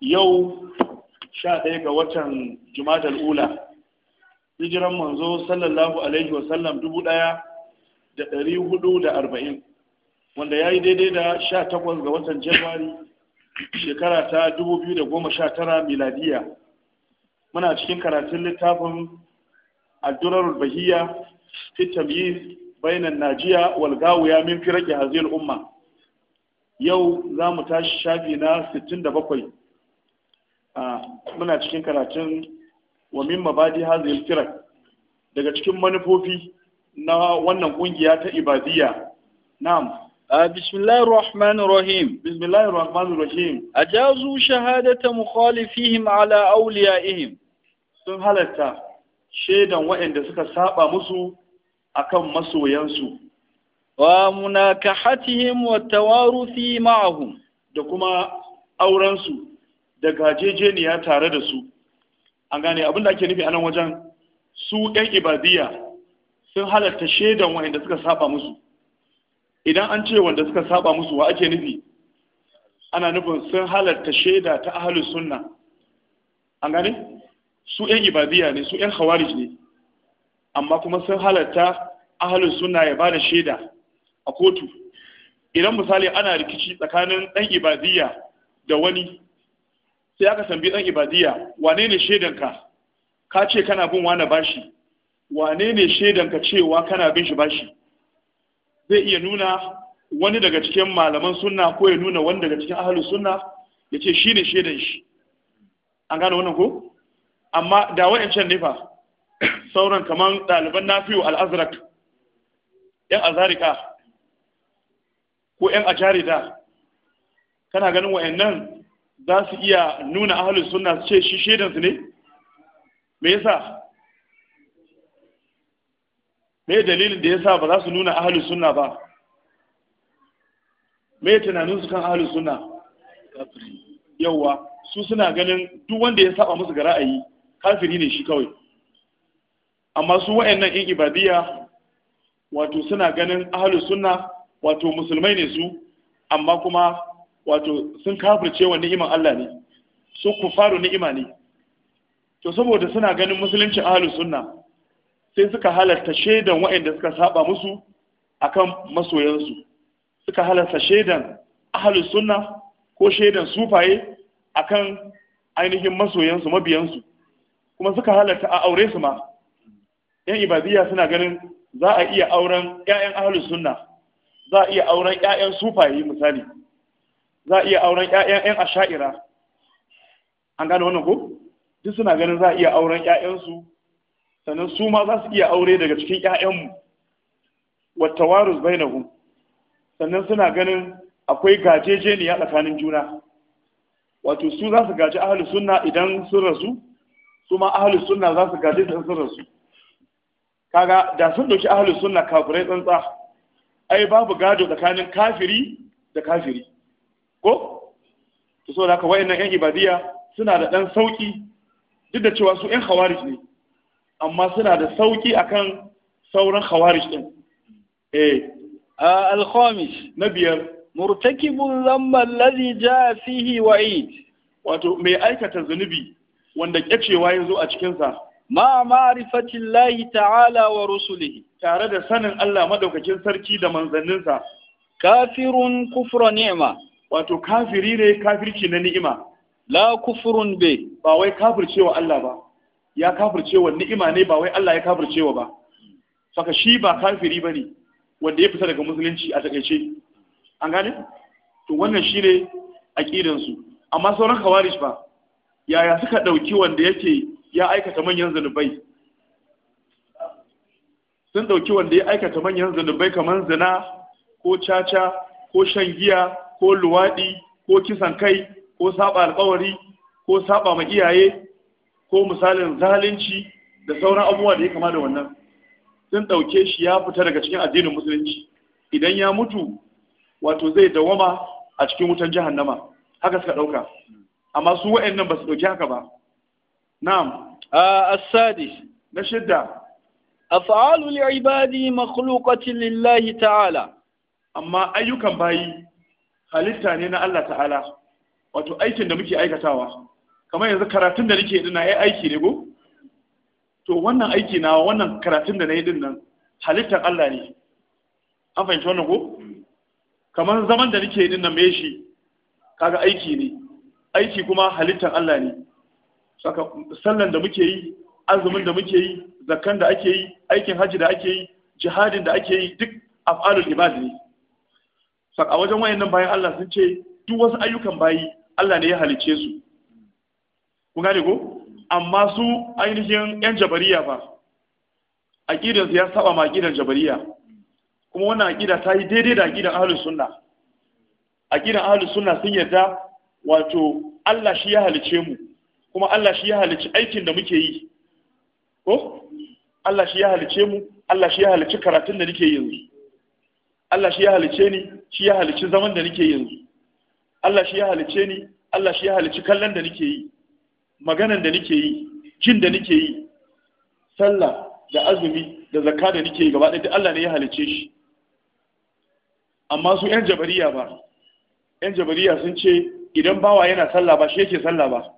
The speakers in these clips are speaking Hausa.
yau sha ɗaya ga watan jumadal ula hijiran manzo sallallahu alaihi wasallam dubu ɗaya da ɗari hudu da arba'in wanda ya yi daidai da sha takwas ga watan januwari shekara ta dubu biyu da goma sha tara miladiya muna cikin karatun littafin addurar bahiya, fi yi bainan najiya walgawu ya min firaqi hazi umma yau za mu tashi shafi na 67 muna cikin karatun wa min mabadi hazil firak daga cikin manufofi na wannan kungiya ta ibadiyya na'am بسم الله الرحمن الرحيم بسم الله الرحمن الرحيم أجازوا شهادة مخالفيهم sun halatta shaidan waɗanda suka saba musu akan masoyansu wa munakahatihim wa tawaruthi ma'ahum da kuma aurensu da gajejeniya tare da su an gane abin da ake nufi a nan wajen su ƴan ibadiyya sun halatta shaidan wanda suka saba musu idan an ce wanda suka saba musu wa ake nufi ana nufin sun halatta shaida ta ahlus sunna an gane su ƴan ibadiyya ne su ƴan hawarij ne amma kuma sun halatta ahlus sunna ya bada shaida a kotu idan misali ana rikici tsakanin ɗan ibadiyya da wani sai aka tambi dan ibadiya wane ne shaidanka ka ce kana bin wani bashi wane ne shaidanka cewa kana bin shi bashi zai iya nuna wani daga cikin malaman sunna ko ya nuna wani daga cikin ahalus sunna ya ce shi ne shaidan shi an gane wannan ko amma da wa'ancan ne fa sauran kaman ɗaliban nafiyu al'azrak yan azarika ko yan ajarida kana ganin wa'annan za su iya nuna ahalin suna su ce shi shaidansu ne me yasa me dalilin da yasa ba za su nuna ahalin suna ba me tunanin su kan ahalin suna yauwa su suna ganin duk wanda ya saba musu ga ra'ayi kafiri ne shi kawai amma su wa'annan in ibadiyya wato suna ganin ahalin suna wato musulmai ne su amma kuma wato sun kafirce wa ni'iman Allah ne su faru ni'ima ne to saboda suna ganin musulunci ahlus sunna sai suka halarta shaidan waɗanda suka saba musu akan masoyansu suka halarta shaidan ahlus sunna ko shaidan sufaye akan ainihin masoyansu mabiyansu kuma suka halarta a aure su ma yan ibadiyya suna ganin za a iya auren 'ya'yan ahlus sunna za a iya auren 'ya'yan sufaye misali za a iya auren ƴaƴan a asha'ira an gane wannan ko duk suna ganin za a iya auren ƴaƴansu sannan su ma za su iya aure daga cikin ƴaƴanmu waru zai na sannan suna ganin akwai gajejeniya tsakanin juna wato su za su gaji ahli sunna idan sun rasu su ma ahli sunna za su gaji idan sun rasu kaga da sun doki ahli sunna kafirai tsantsa ai babu gado tsakanin kafiri da kafiri ko to da haka wayannan yan ibadiya suna da dan sauki duk da cewa su yan khawarij ne amma suna da sauki akan sauran khawarij din eh al-khamis na biyar murtakibun alladhi jaa fihi wa'id wato mai aikata zunubi wanda kecewa yazo a cikin sa ma ma'rifati llahi ta'ala wa rusulihi tare da sanin Allah madaukakin sarki da manzanninsa kafirun kufra ni'ma wato kafiri ne kafirci na ni'ima la kufurun be ba wai kafircewa Allah ba ya kafircewa ni'ima ne ba wai Allah ya kafircewa ba saka shi ba kafiri bane wanda ya fita daga musulunci a takaice an gane to wannan shine aqidan su amma sauran khawarij ba yaya suka dauki wanda yake ya aikata manyan zanubai sun dauki wanda ya aikata manyan zanubai kamar zina ko caca ko shan giya ko luwaɗi ko kisan kai ko saba alkawari ko saba ma iyaye ko misalin zalunci da sauran abubuwa da ya kama da wannan sun ɗauke shi ya fita daga cikin addinin musulunci idan ya mutu wato zai dawama a cikin wutan jahannama haka suka ɗauka amma su wa'annan ba su ɗauki haka ba na'am as-sadis na shidda af'alul ibadi makhluqatin lillahi ta'ala amma ayyukan bayi halitta ne na Allah ta'ala wato aikin da muke aikatawa kamar yanzu karatun da nake dina ya aiki ne go to wannan aiki na wannan karatun da na yi din nan halittar Allah ne an fahimci wannan ko kamar zaman da nake din nan me shi kaga aiki ne aiki kuma halittar Allah ne saka sallan da muke yi azumin da muke yi zakkan da ake yi aikin haji da ake yi jihadin da ake yi duk af'alul ibad ne a wajen wayannan bayan Allah sun ce duk wasu ayyukan bayi Allah ne ya halice su kun gane ko amma su ainihin yan jabariya ba aqidansu ya saba ma aqidan jabariya kuma wannan aqida ta yi daidai da aqidan ahlus sunna aqidan ahlus sunna sun yarda wato Allah shi ya halice mu kuma Allah shi ya halici aikin da muke yi ko Allah shi ya halice mu Allah shi ya halici karatun da nake yanzu Allah shi ya halice ni shi ya halice zaman da nake yanzu Allah shi ya halice ni Allah shi ya halice kallon da nake yi maganan da nake yi jin da nake yi sallah da azumi da zakka da nake yi gaba ɗaya Allah ne ya halice shi amma su yan jabariya ba yan jabariya sun ce idan bawa yana sallah ba shi yake sallah ba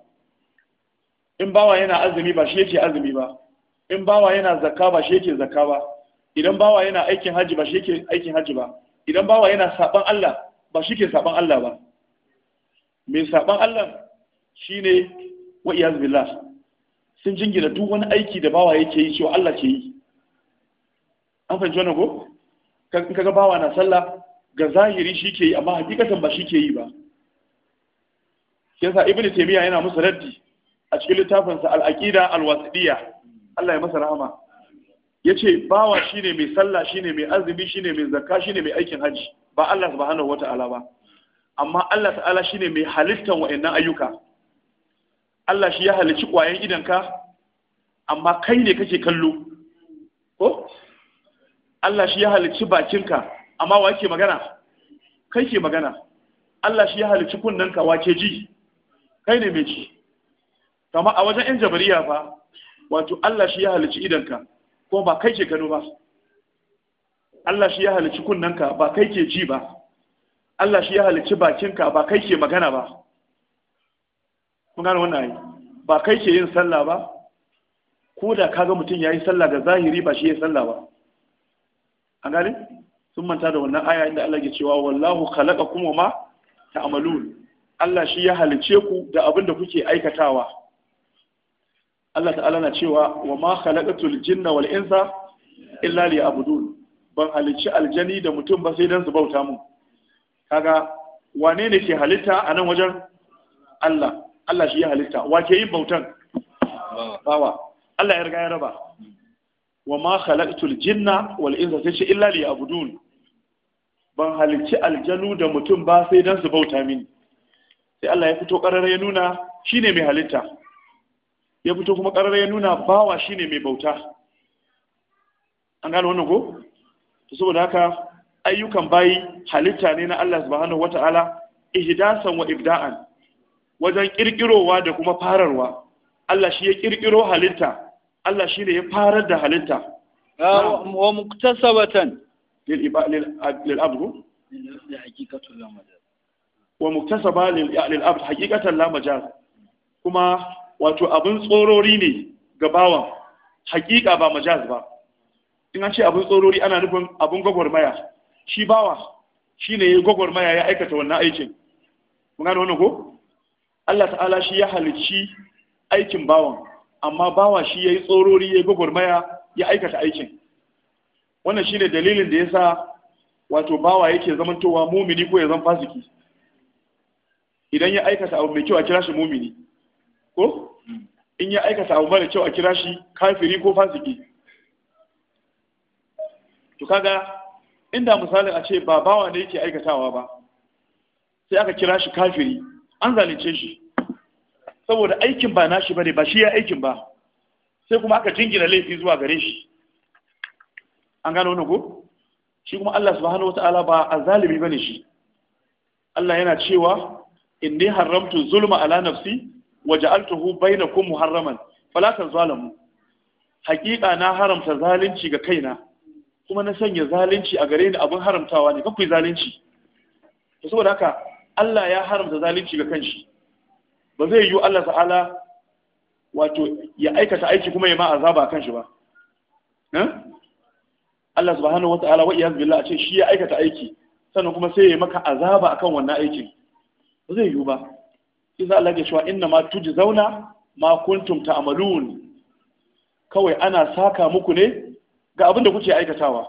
in bawa yana azumi ba shi yake azumi ba in bawa yana zakka ba shi yake zakka ba idan bawa yana aikin haji ba shi ke aikin haji ba idan bawa yana saban Allah ba shi ke saban Allah ba mai saban Allah shi ne, wa iyaz billah sun jingina duk wani aiki da bawa yake yi cewa Allah ke yi an fahimci wani ko kan kaga bawa na sallah ga zahiri shi ke yi amma hakikatan ba shi ke yi ba yasa ibn taymiya yana musu raddi a cikin littafinsa al-aqida al wasidiyya Allah ya masa rahama ya ce bawa shine mai sallah shine mai azumi shine mai shi shine mai aikin hajji ba Allah subhanahu ta'ala ba amma Allah ta'ala shine mai halittan wa'annan ayyuka Allah shi ya halici kwayan idanka amma kai ne kake kallo ko Allah shi ya halici bakinka amma wa ke magana kai ke magana Allah shi ya halici kunnanka wa ke ji kai ne mai ji kama a wajen 'yan jabariya fa wato Allah shi ya halici idanka kuma ba kai ke gano ba Allah shi ya halici kunnanka ba kai ke ji ba Allah shi ya halici bakinka ba kai ke magana ba mun gano wannan ayi ba kai ke yin sallah ba ko da kaga mutum yayi sallah ga zahiri ba shi yayi sallah ba an gane sun manta da wannan aya inda Allah ke cewa wallahu khalaqakum wa ma ta'malun Allah shi ya halice ku da abin da kuke aikatawa Allah ta'ala na cewa wa ma khalaqatul jinna wal insa illa liya'budun ban halicci aljani da mutum ba sai dan su bauta mu kaga wane ne ke halitta a nan wajen Allah Allah shi ya halitta wa ke yin bautan bawa Allah ya riga ya raba wa ma khalaqatul jinna wal insa sai ce illa liya'budun ban halicci aljanu da mutum ba sai dan su bauta mini sai Allah ya fito ƙarara ya nuna shine mai halitta ya fito kuma ƙarar ya nuna bawa shi ne mai bauta an gano wannan ko to saboda haka ayyukan bayi halitta ne na Allah subhanahu wata'ala ihdasan wa ibda'an wajen ƙirƙirowa da kuma fararwa Allah shi ya ƙirƙiro halitta Allah shi ne ya farar da halitta ah, wa muktasabatan lil lil abdu wa muktasaba lil abd haqiqatan la majaz kuma wato abin tsorori ne ga bawan hakika ba majaz ba in an ce abin tsorori ana nufin abin gwagwarmaya shi bawa shi ne gwagwarmaya ya aikata wannan aikin mun gane wannan ko Allah ta'ala shi ya halicci aikin bawan amma bawa shi ya yi tsorori ya gwagwarmaya ya aikata aikin wannan shi ne dalilin da ya sa wato bawa yake zamantowa mumini ko ya zama fasiki idan ya aikata abu mai kyau a kira shi mumini ko in ya aikata abu mara kyau a kira shi kafiri ko fasiki to kaga inda misalin a ce ba bawa ne yake aikatawa ba sai aka kira shi kafiri an zalunce shi saboda aikin ba nashi bane ba shi ya aikin ba sai kuma aka jingina laifi zuwa gare shi an gano wani ko shi kuma Allah subhanahu wataala ba a azalimi bane shi Allah yana cewa inni haramtu zulma ala nafsi waja'altuhu bainakum muharraman fala tazalamu hakika na haramta zalunci ga kaina kuma na sanya zalunci a gare ni abin haramtawa ne kafi zalunci to saboda haka Allah ya haramta zalunci ga kanshi ba zai yi Allah ta'ala wato ya aikata aiki kuma ya ma azaba kanshi ba Allah subhanahu wata'ala wa iyaz billah a ce shi ya aikata aiki sannan kuma sai ya maka azaba akan wannan aikin ba zai yi ba Iza Allah ke cewa inna ma tuji zauna ma kuntum ta'malun kawai ana saka muku ne ga abin da kuke aikatawa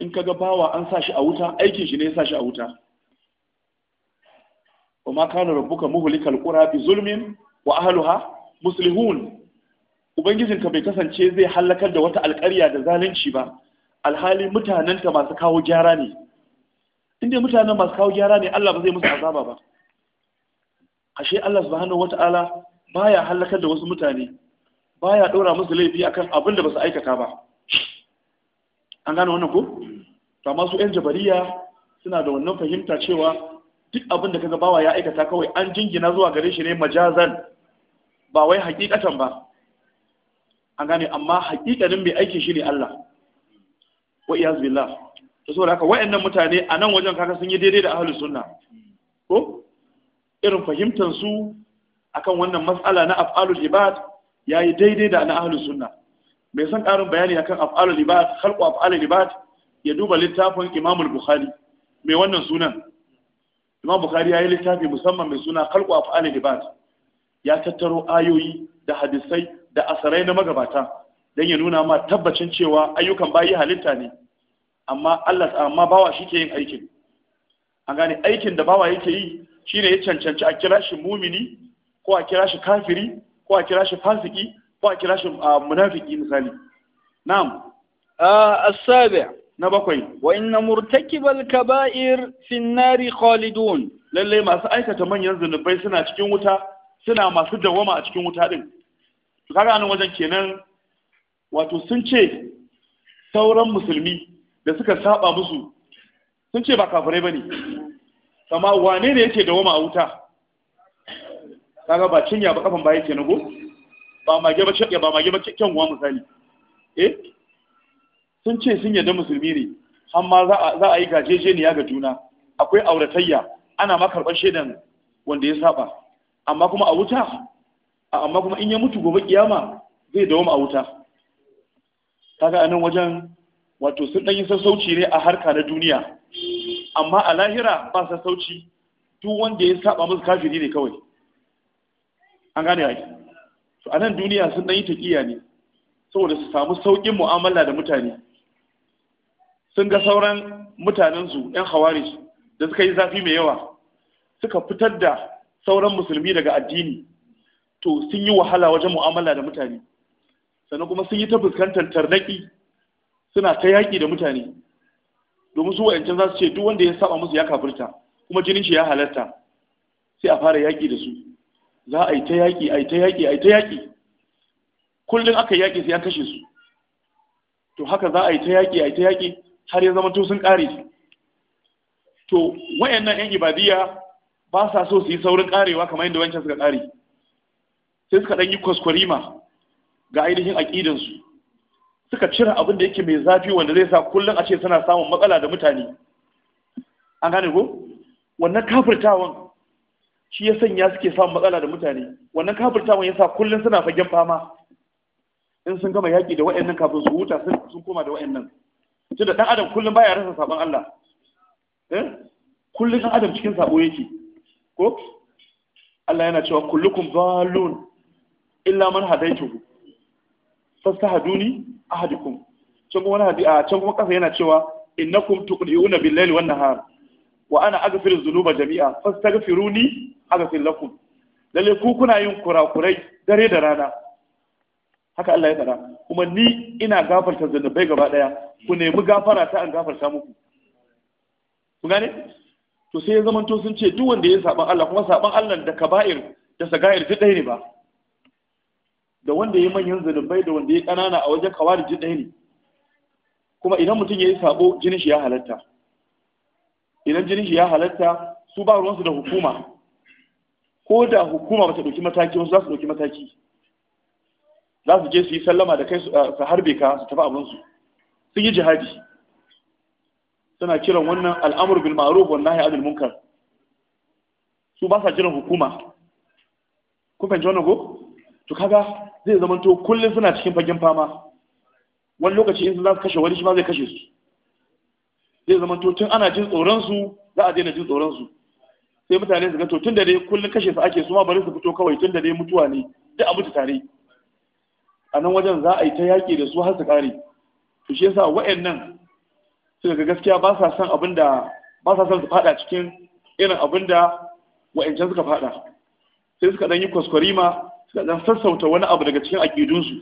in kaga bawa an sa shi a wuta aikin shi ne ya sa shi a wuta wa ma kana rabbuka muhlikal qura bi zulmin wa ahliha muslihun ka bai kasance zai halakar da wata alƙarya da zalunci ba alhali mutanenta masu kawo gyara ne inda mutanen masu kawo gyara ne Allah ba zai musu azaba ba ashe Allah subhanahu wata'ala baya halakar da wasu mutane baya ɗora musu laifi akan abin da basu aikata ba an gane wannan ko to amma su yan jabariya suna da wannan fahimta cewa duk abin da kaga bawa ya aikata kawai an jingina zuwa gare shi ne majazan ba wai hakikatan ba an gane amma haƙiƙanin mai aiki shi ne Allah wa iyaz billah to saboda haka waɗannan mutane a nan wajen kaga sun yi daidai da ahlus sunna ko irin fahimtar su akan wannan matsala na af'alul ibad yayi daidai da na ahlus sunna mai son karin bayani akan af'alul ibad khalqu af'alul ibad ya duba littafin imamul bukhari mai wannan sunan Imam Bukhari yi littafi musamman mai suna khalqu af'alul ibad ya tattaro ayoyi da hadisai da asarai na magabata dan ya nuna ma tabbacin cewa ayyukan bayi halitta ne amma Allah amma bawa shi ke yin aikin an gane aikin da bawa yake yi shi ne ya cancanci a kira shi mumini ko a kira shi kafiri ko a kira shi fasiki ko a kira shi munafiki misali na'am as-sabi na bakwai wa inna murtakibal kaba'ir fi nari khalidun lalle masu aikata manyan zunubai suna cikin wuta suna masu dawama a cikin wuta din to kaga nan wajen kenan wato sun ce sauran musulmi da suka saba musu sun ce ba kafirai bane kama wane ne yake dawoma a wuta kaga ba cinya ba kafan baya kenan nago ba mage ba shakke ba mage ba cikin uwa misali eh sun ce sun yarda musulmi ne amma za a yi ya ga juna akwai auratayya ana ma karɓar shaidan wanda ya saba amma kuma a wuta amma kuma in ya mutu gobe kiyama zai dawoma a wuta kaga anan wajen wato sun ɗan yi sassauci ne a harka na duniya amma a lahira ba sa sauci duk wanda ya saba musu kafiri ne kawai an gane ai to anan duniya sun dan yi taqiya ne saboda su samu saukin mu'amala da mutane sun ga sauran mutanensu yan khawarij da suka yi zafi mai yawa suka fitar da sauran musulmi daga addini to sun yi wahala wajen mu'amala da mutane sannan kuma sun yi ta fuskantar tarnaki suna ta yaki da mutane domin su wa'ancan za su ce duk wanda ya saba musu ya kafirta kuma jinin shi ya halarta sai a fara yaƙi da su za a yi ta yaƙi a yi ta yaƙi a yi ta yaƙi kullum aka yaƙi sai an kashe su to haka za a yi ta yaƙi a yi ta yaƙi har ya zama to sun ƙare to wayannan yan ibadiya ba sa so su yi saurin ƙarewa kamar yadda wancan suka ƙare sai suka ɗan yi kwaskwarima ga ainihin aƙidansu suka cire abin da yake mai zafi wanda zai sa kullum a ce suna samun matsala da mutane an gane ko wannan kafirtawan shi ya sanya suke samun matsala da mutane wannan kafirtawan ya sa kullum suna fagen fama in sun gama yaƙi da wa'annan kafin su huta sun koma da wa'annan tunda ɗan adam kullum baya rasa sabon Allah eh? kullum ɗan adam cikin sabo yake ko Allah yana cewa kullukum zalun illa man hadaituhu fastahaduni ahadukum can kuma wani a can kuma kasa yana cewa innakum tuqdiuna bil layli wan nahar wa ana aghfiru dhunuba jami'a fastaghfiruni aghfir lakum lalle ku kuna yin kurakurai dare da rana haka Allah ya tsara. kuma ni ina gafarta zanubai gaba daya ku nemi gafara ta an gafarta muku ku gane to sai ya zamanto sun ce duk wanda ya saban Allah kuma saban Allah da kaba'ir da sagair duk ɗaya ne ba da wanda ya manyan zunubai da wanda ya kanana a wajen kawariji ɗaya ne kuma idan mutum ya yi sabo jinin shi ya halatta idan jinin shi ya halatta su ba ruwansu da hukuma ko da hukuma ba ta ɗauki mataki wasu za su ɗauki mataki za su je su yi sallama da kai su harbe ka su tafi abinsu sun yi jihadi suna kiran wannan al'amur bil ma'ruf wan nahi anil munkar su ba sa jiran hukuma Kuka fahimci wannan ko to kaga zai zama to kullum suna cikin fagen fama wani lokaci in za su kashe wani shi ma zai kashe su zai zama to tun ana jin tsoron su za a daina jin tsoron su sai mutane su ga to tun da dai kullum kashe su ake su ma bari su fito kawai tun da dai mutuwa ne duk a mutu tare a nan wajen za a yi ta yaƙi da su har su ƙare to shi yasa wa'annan suka ga gaskiya ba sa son abin da ba sa son su faɗa cikin irin abin da wa'ancan suka faɗa sai suka ɗan yi kwaskwarima da dan sassauta wani abu daga cikin aƙidunsu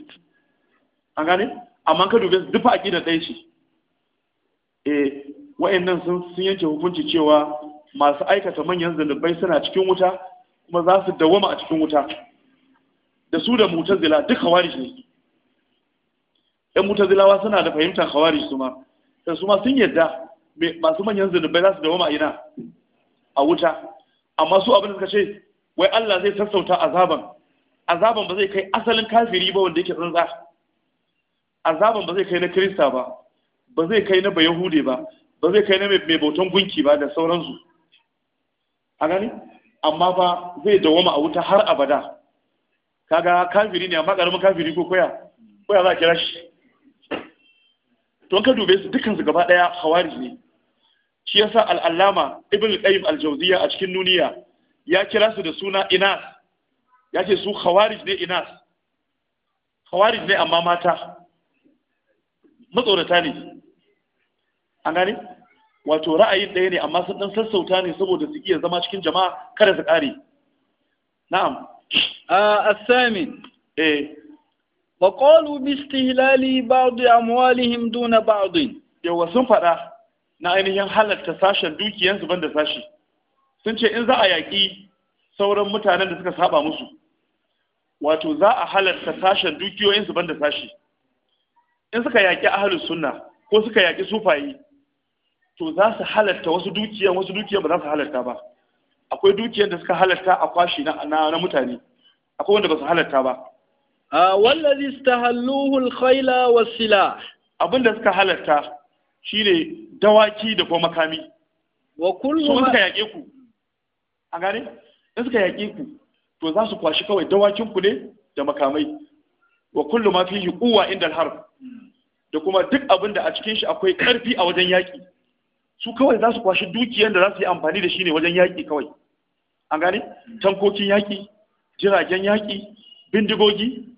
an gane amma ka dubi dufa aƙidar ɗaya ce eh wa'annan sun sun yanke hukunci cewa masu aikata manyan zanubai suna cikin wuta kuma za su dawama a cikin wuta da su da mutazila duk khawarij ne ɗan mutazilawa suna da fahimtar khawarij su ma da su ma sun yadda masu manyan zanubai za su dawama a ina a wuta amma su abin da suka ce wai Allah zai sassauta azaban azaban ba zai kai asalin kafiri ba wanda yake tsantsa azaban ba zai kai na kirista ba ba zai kai na bayahude ba ba zai kai na mai bautan gunki ba da sauransu a gani amma ba zai dawama a wuta har abada kaga kafiri ne amma karamin kafiri ko koya koya za a kira shi to ka dube su dukkan su gaba daya hawari ne shi yasa al'allama ibn qayyim al-jawziya a cikin nuniya ya kira su da suna inas ya ce su khawarij ne inas khawarij ne amma mata matsorata ne an gani? wato ra'ayin ɗaya ne amma sun ɗan sassauta ne saboda su iya zama cikin jama'a kada su ƙare na'am asami eh wa misti bi istihlali ba'd amwalihim duna ba'd yawa sun faɗa na ainihin halatta sashen dukiyansu banda sashi sun ce in za a yaƙi sauran mutanen da suka saba musu wato za a halarta sashen dukiyoyinsu banda sashi in suka yaƙi ahalin sunna ko suka yaƙi sufayi to za su halarta wasu dukiya wasu dukiya ba za su halarta ba akwai dukiyar da suka halarta a kwashi na mutane akwai wanda ba su halarta ba A wallazi istahalluhu alkhayla wasila abin da suka halarta shine dawaki da kuma makami wa kullu suka yaƙe ku a gane in suka yaƙe ku to za su kwashi kawai dawakinku ne da makamai wa kullu ma fihi quwwa inda al-harb da kuma duk abin da a cikin shi akwai karfi a wajen yaki su kawai za su kwashi dukiyar da za su yi amfani da shi ne wajen yaki kawai an gane tankokin yaki jiragen yaki bindigogi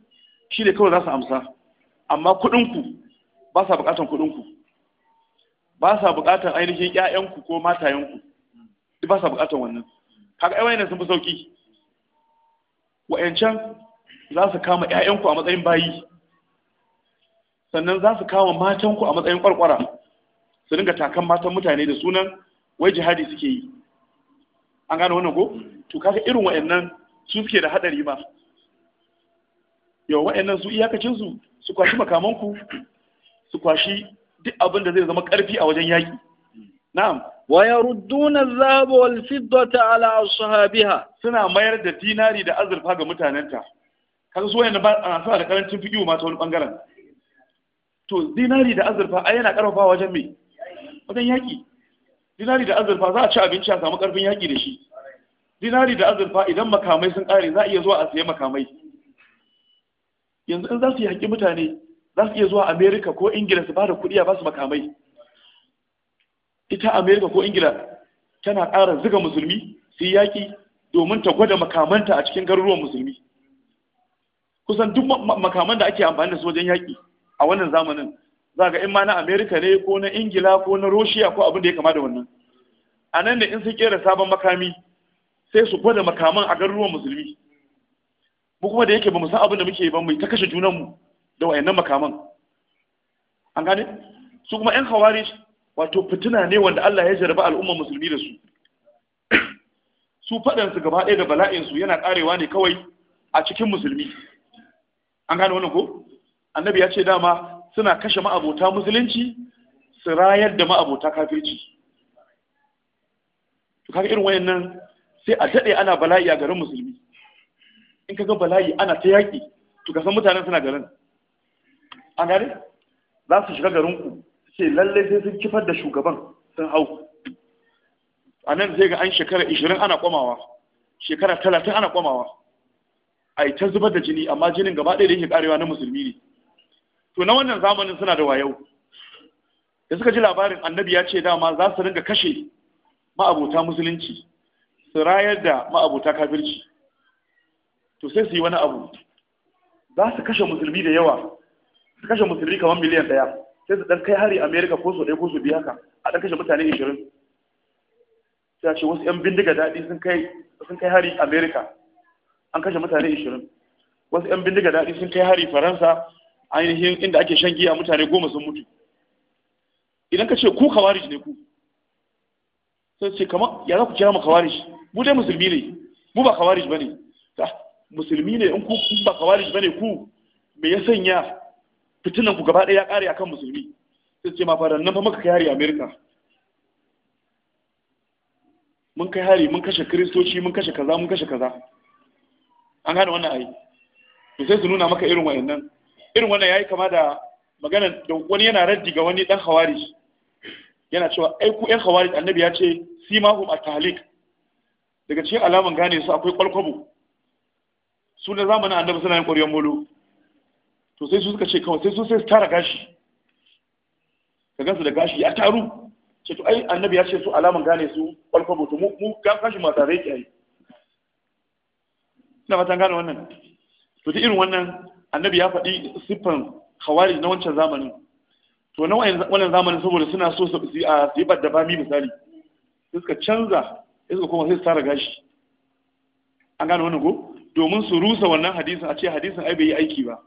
shi ne kawai za su amsa amma ku ba sa buƙatar ku. ba sa buƙatar ainihin ƴaƴanku ko matayenku duk ba sa buƙatar wannan kaga ai wayannan sun fi sauki wa'yancan za su kama 'ya'yanku a matsayin bayi sannan za su kama matanku a matsayin kwarkwara su dinga takan matan mutane da sunan wai jihadi suke yi an gane wannan ko to kaga irin wa'yannan su suke da hadari ma yau wa'yannan su iyakacin su su kwashi makamanku su kwashi duk abin da zai zama karfi a wajen yaki na'am wa yarudduna adh-dhahaba wal fiddata ala ashabiha suna mayar da dinari da azurfa ga mutanenta kaga su wayannan ba ah, suna da karancin fiqhu ma ta wani bangaren to dinari da azurfa ai yana karfafa wajen me wajen yaki dinari da azurfa za a ci abinci a samu karfin yaki da shi dinari da azurfa idan makamai sun kare za a iya zuwa a sayi makamai yanzu in za su yi haƙi mutane za su iya zuwa amerika ko ingila su ba da kuɗi a ba su makamai ita amerika ko ingila tana ƙara ziga musulmi su yi yaƙi domin ta gwada makamanta a cikin garuruwan musulmi kusan duk makaman da ake amfani da su wajen yaƙi a wannan zamanin za ga in ma na amerika ne ko na ingila ko na roshiya ko abin da ya kama da wannan a nan da in sun kera sabon makami sai su gwada makaman a garuruwan musulmi mu kuma da yake ba mu san abin da muke ba mu ta kashe junanmu da wayannan makaman an gane su kuma yan hawari wato fitina ne wanda Allah ya jarba al'umma musulmi da su su faɗan su gaba ɗaya da bala'in su yana karewa ne kawai a cikin musulmi an gane wannan ko annabi ya ce dama suna kashe ma'abota musulunci su rayar da ma'abota kafirci to kaga irin wayannan sai a daɗe ana bala'i a garin musulmi in kaga bala'i ana ta yaƙi to ka san mutanen suna garin an gane za su shiga garin ku ce lalle sai sun kifar da shugaban sun hau a nan zai ga an shekara 20 ana kwamawa shekara 30 ana kwamawa a yi ta zubar da jini amma jinin gaba ɗaya da yake karewa na musulmi ne to na wannan zamanin suna da wayo da suka ji labarin annabi ya ce dama za su ringa kashe ma'abuta musulunci su rayar da ma'abuta kafirci to sai su yi wani abu za su kashe musulmi da yawa su kashe musulmi kamar miliyan ɗaya sai su dan kai hari America ko so ɗaya ko so biyu haka a dan kashe mutane 20 sai ce wasu yan bindiga daɗi sun kai sun kai hari America an kashe mutane 20 wasu yan bindiga daɗi sun kai hari Faransa ainihin inda ake shan giya mutane goma sun mutu idan ka ce ku kawarij ne ku sai ce kamar ya za ku kira mu kawarij mu dai musulmi ne mu ba kawarij ba ne. Ah, musulmi ne in ku ba kawarij ba ne ku me ya sanya fitinan ku gaba ɗaya ya ƙare akan musulmi sai ce ma faran nan fa muka kai hari amerika mun kai hari mun kashe kristoci mun kashe kaza mun kashe kaza an gane wannan ayi. to sai su nuna maka irin wayannan irin wannan yayi kama da magana da wani yana raddi ga wani dan hawari yana cewa ai ku yan hawari annabi ya ce simahum at-tahlik daga cikin alaman gane su akwai kwalkwabo su na zamanin annabi suna yin ƙoriyar molo to sai su suka ce kawai sai su sai su tara gashi ka gansu da gashi ya taru ce to ai annabi ya ce su alaman gane su kwalfa to mu gashi masu zai ki ai ina fatan gane wannan to ta irin wannan annabi ya faɗi siffan hawari na wancan zamanin to na wannan zamanin saboda suna so su yi badda bami misali sai suka canza sai suka koma sai su tara gashi an gane wannan ko domin su rusa wannan hadisin a ce hadisin ai bai yi aiki ba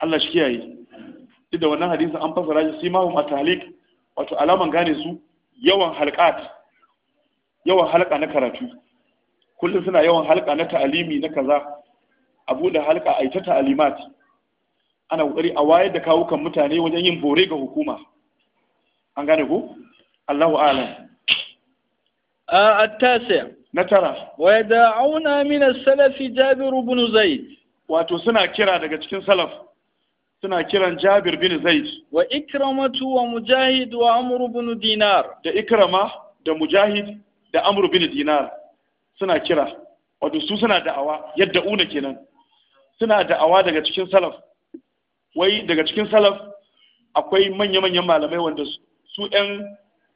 Allah shi kiyaye duk da wannan hadisi an fassara shi simahum at-tahliq wato alaman gane su yawan halqat yawan halqa na karatu kullum suna yawan halqa na ta'alimi na kaza a buɗe halqa ai ta ta'alimat ana kokari a wayar da kawukan mutane wajen yin bore ga hukuma an gane ku Allahu a'lam wa نترى min as-salaf Jabir ibn زيد wato suna kira daga cikin salaf suna kiran Jabir bin Zaid wa Ikramatu wa Mujahid wa amru bin Dinar da Ikrama da Mujahid da amru bin Dinar suna kira wato su suna da'awa yadda una kenan suna da'awa daga cikin salaf wai daga cikin salaf akwai manya-manyan malamai wanda su 'yan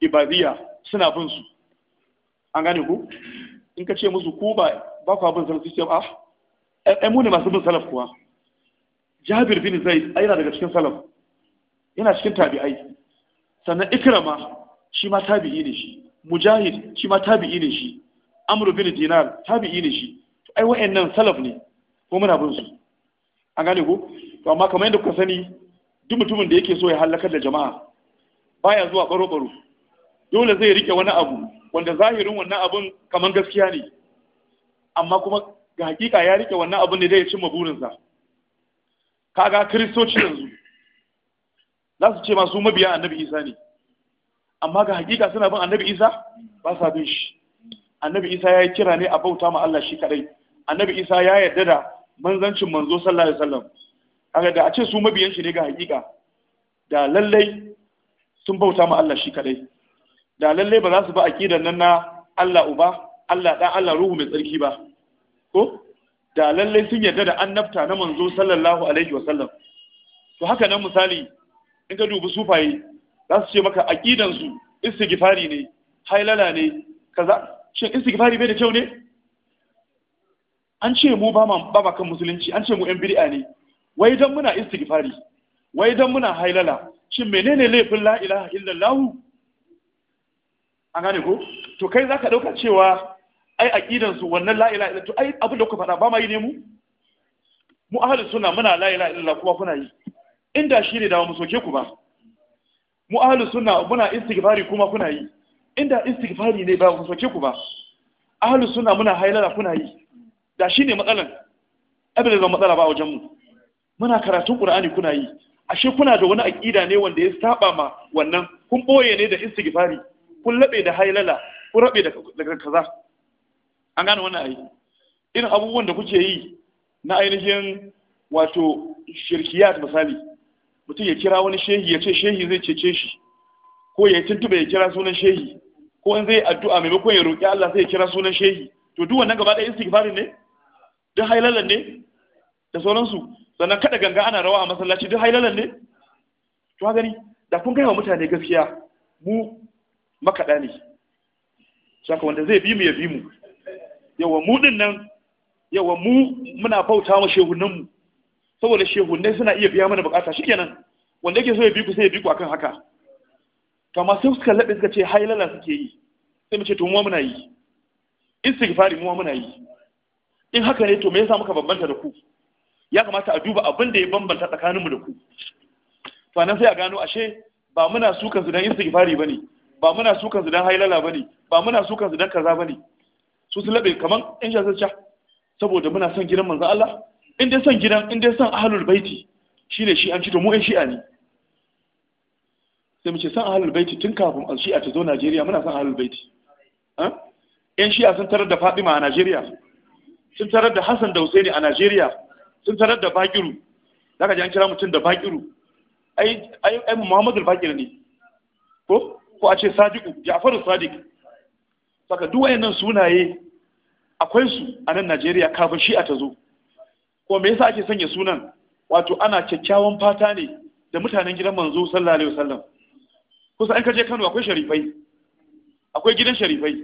ibadiyya suna bin su an gane ku in ka ce musu ku ba ba ku bin salaf sai ce ah ai mu ne masu bin salaf kuwa jabir bin zaid ai yana daga cikin salaf yana cikin tabi'ai sannan ikrama shi ma tabi'i ne shi mujahid shi ma tabi'i ne shi amru bin dinar tabi'i ne shi ai wa'annan salaf ne ko muna bin su an gane ko to amma kamar yadda kuka sani duk mutumin da yake so ya halakar da jama'a baya zuwa baro baro dole zai rike wani abu wanda zahirin wannan abun kamar gaskiya ne amma kuma ga hakika ya rike wannan abun ne ya cimma burinsa kaga kristoci yanzu za su ce masu mabiya annabi isa ne amma ga hakika suna bin annabi isa ba sa bin shi annabi isa ya yi kira ne a bauta ma Allah shi kadai annabi isa ya yarda da manzancin manzo sallallahu alaihi wasallam kaga da a ce su mabiyan shi ne ga hakika da lallai sun bauta ma Allah shi kadai da lallai ba za su ba aqidar nan na Allah uba Allah dan Allah ruhu mai tsarki ba ko da lallai sun yarda da annabta na manzo sallallahu alaihi wa sallam to haka nan misali in ka dubi sufaye za su ce maka aqidan su istighfari ne hailala ne kaza shin istighfari bai da kyau ne an ce mu ba ma ba kan musulunci an ce mu yan bid'a ne wai dan muna istighfari wai dan muna hailala shin menene laifin la ilaha illallah an gane ko to kai zaka dauka cewa ai aqidan su wannan la ilaha illallah to ai abin da kuka faɗa ba ma yi ne mu mu ahlus sunna muna la ilaha illallah kuma kuna yi inda shi ne da mu soke ku ba mu ahlus sunna muna istighfari kuma kuna yi inda istighfari ne ba mu soke ku ba ahlus sunna muna hailala kuna yi da shi ne matsalan abin da matsala ba a wajen mu muna karatun qur'ani kuna yi ashe kuna da wani aqida ne wanda ya saba ma wannan kun boye ne da istighfari kun labe da hailala kun rabe da kaza an gane wannan ayi irin abubuwan da kuke yi na ainihin wato shirkiyat misali mutum ya kira wani shehi ya ce shehi zai cece shi ko ya tuntuba ya kira sunan shehi ko in zai addu'a maimakon ya roƙi Allah sai ya kira sunan shehi to duk wannan gaba ɗaya istighfar ne duk hailalan ne da sauransu sannan kada ganga ana rawa a masallaci duk hailalan ne to gani da kun kai wa mutane gaskiya mu makaɗa ne saka wanda zai bi mu ya bi mu yawa mu din nan yawa mu muna bauta wa shehunan mu saboda shehunai suna iya biya mana bukata shikenan wanda yake so ya bi ku sai ya bi ku akan haka to amma sai suka labe suka ce hailala suke yi sai mu ce to mu muna yi istighfari mu muna yi in haka ne to me yasa muka bambanta da ku ya kamata a duba abin da ya bambanta tsakaninmu da ku to nan sai a gano ashe ba muna sukan su dan istighfari bane ba muna sukan su dan hailala bane ba muna sukan su dan kaza bane su su labe kaman in sha sun saboda muna son gidan manzo Allah in dai son gidan in dai son ahlul baiti shine shi an ci to mu ɗan shi'a ne sai mu ce san ahlul baiti tun kafin al shi'a ta zo Najeriya muna son ahlul baiti Yan shi'a sun tarar da Fatima a Najeriya sun tarar da Hassan da Husaini a Najeriya sun tarar da Bakiru zaka ji an kira mutum da Bakiru ai ai ai Muhammadu Bakir ne ko ko a ce Sadiku Ja'faru Sadiq saka duk wayannan sunaye akwai su a nan Najeriya kafin shi'a ta zo ko me yasa ake sanya sunan wato ana kyakkyawan fata ne da mutanen gidan manzo sallallahu alaihi wasallam kusa an kaje Kano akwai sharifai akwai gidan sharifai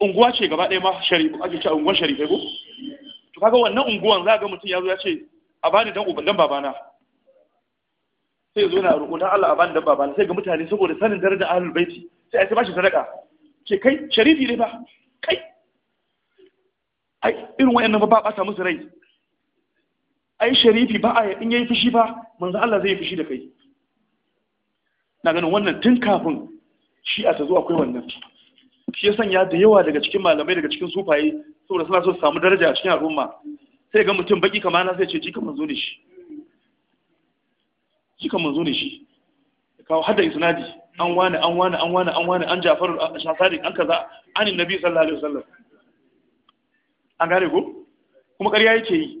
unguwa ce gaba ɗaya ma Sharifu ake cewa unguwar sharifai ko to kaga wannan unguwan za ga mutum ya zo ya ce a bani dan uban dan babana sai ya zo na roƙo dan Allah a bani dan babana sai ga mutane saboda sanin darajar ahlul baiti sai a ce bashi sadaka Ke kai sharifi ne ba ai irin wayannan ba ba ɓata musu rai ai sharifi ba a in yi fushi ba manzo Allah zai fushi da kai na ganin wannan tun kafin shi a ta zo akwai wannan shi ya sanya da yawa daga cikin malamai daga cikin sufaye saboda suna so su samu daraja a cikin al'umma sai ga mutum baki kamar na sai ce jika manzo ne shi jika manzo ne shi kawo hada isnadi an wani an wani an wani an wani an jafaru a shasari an kaza anin nabi sallallahu alaihi wasallam an gane ko kuma ƙarya yake yi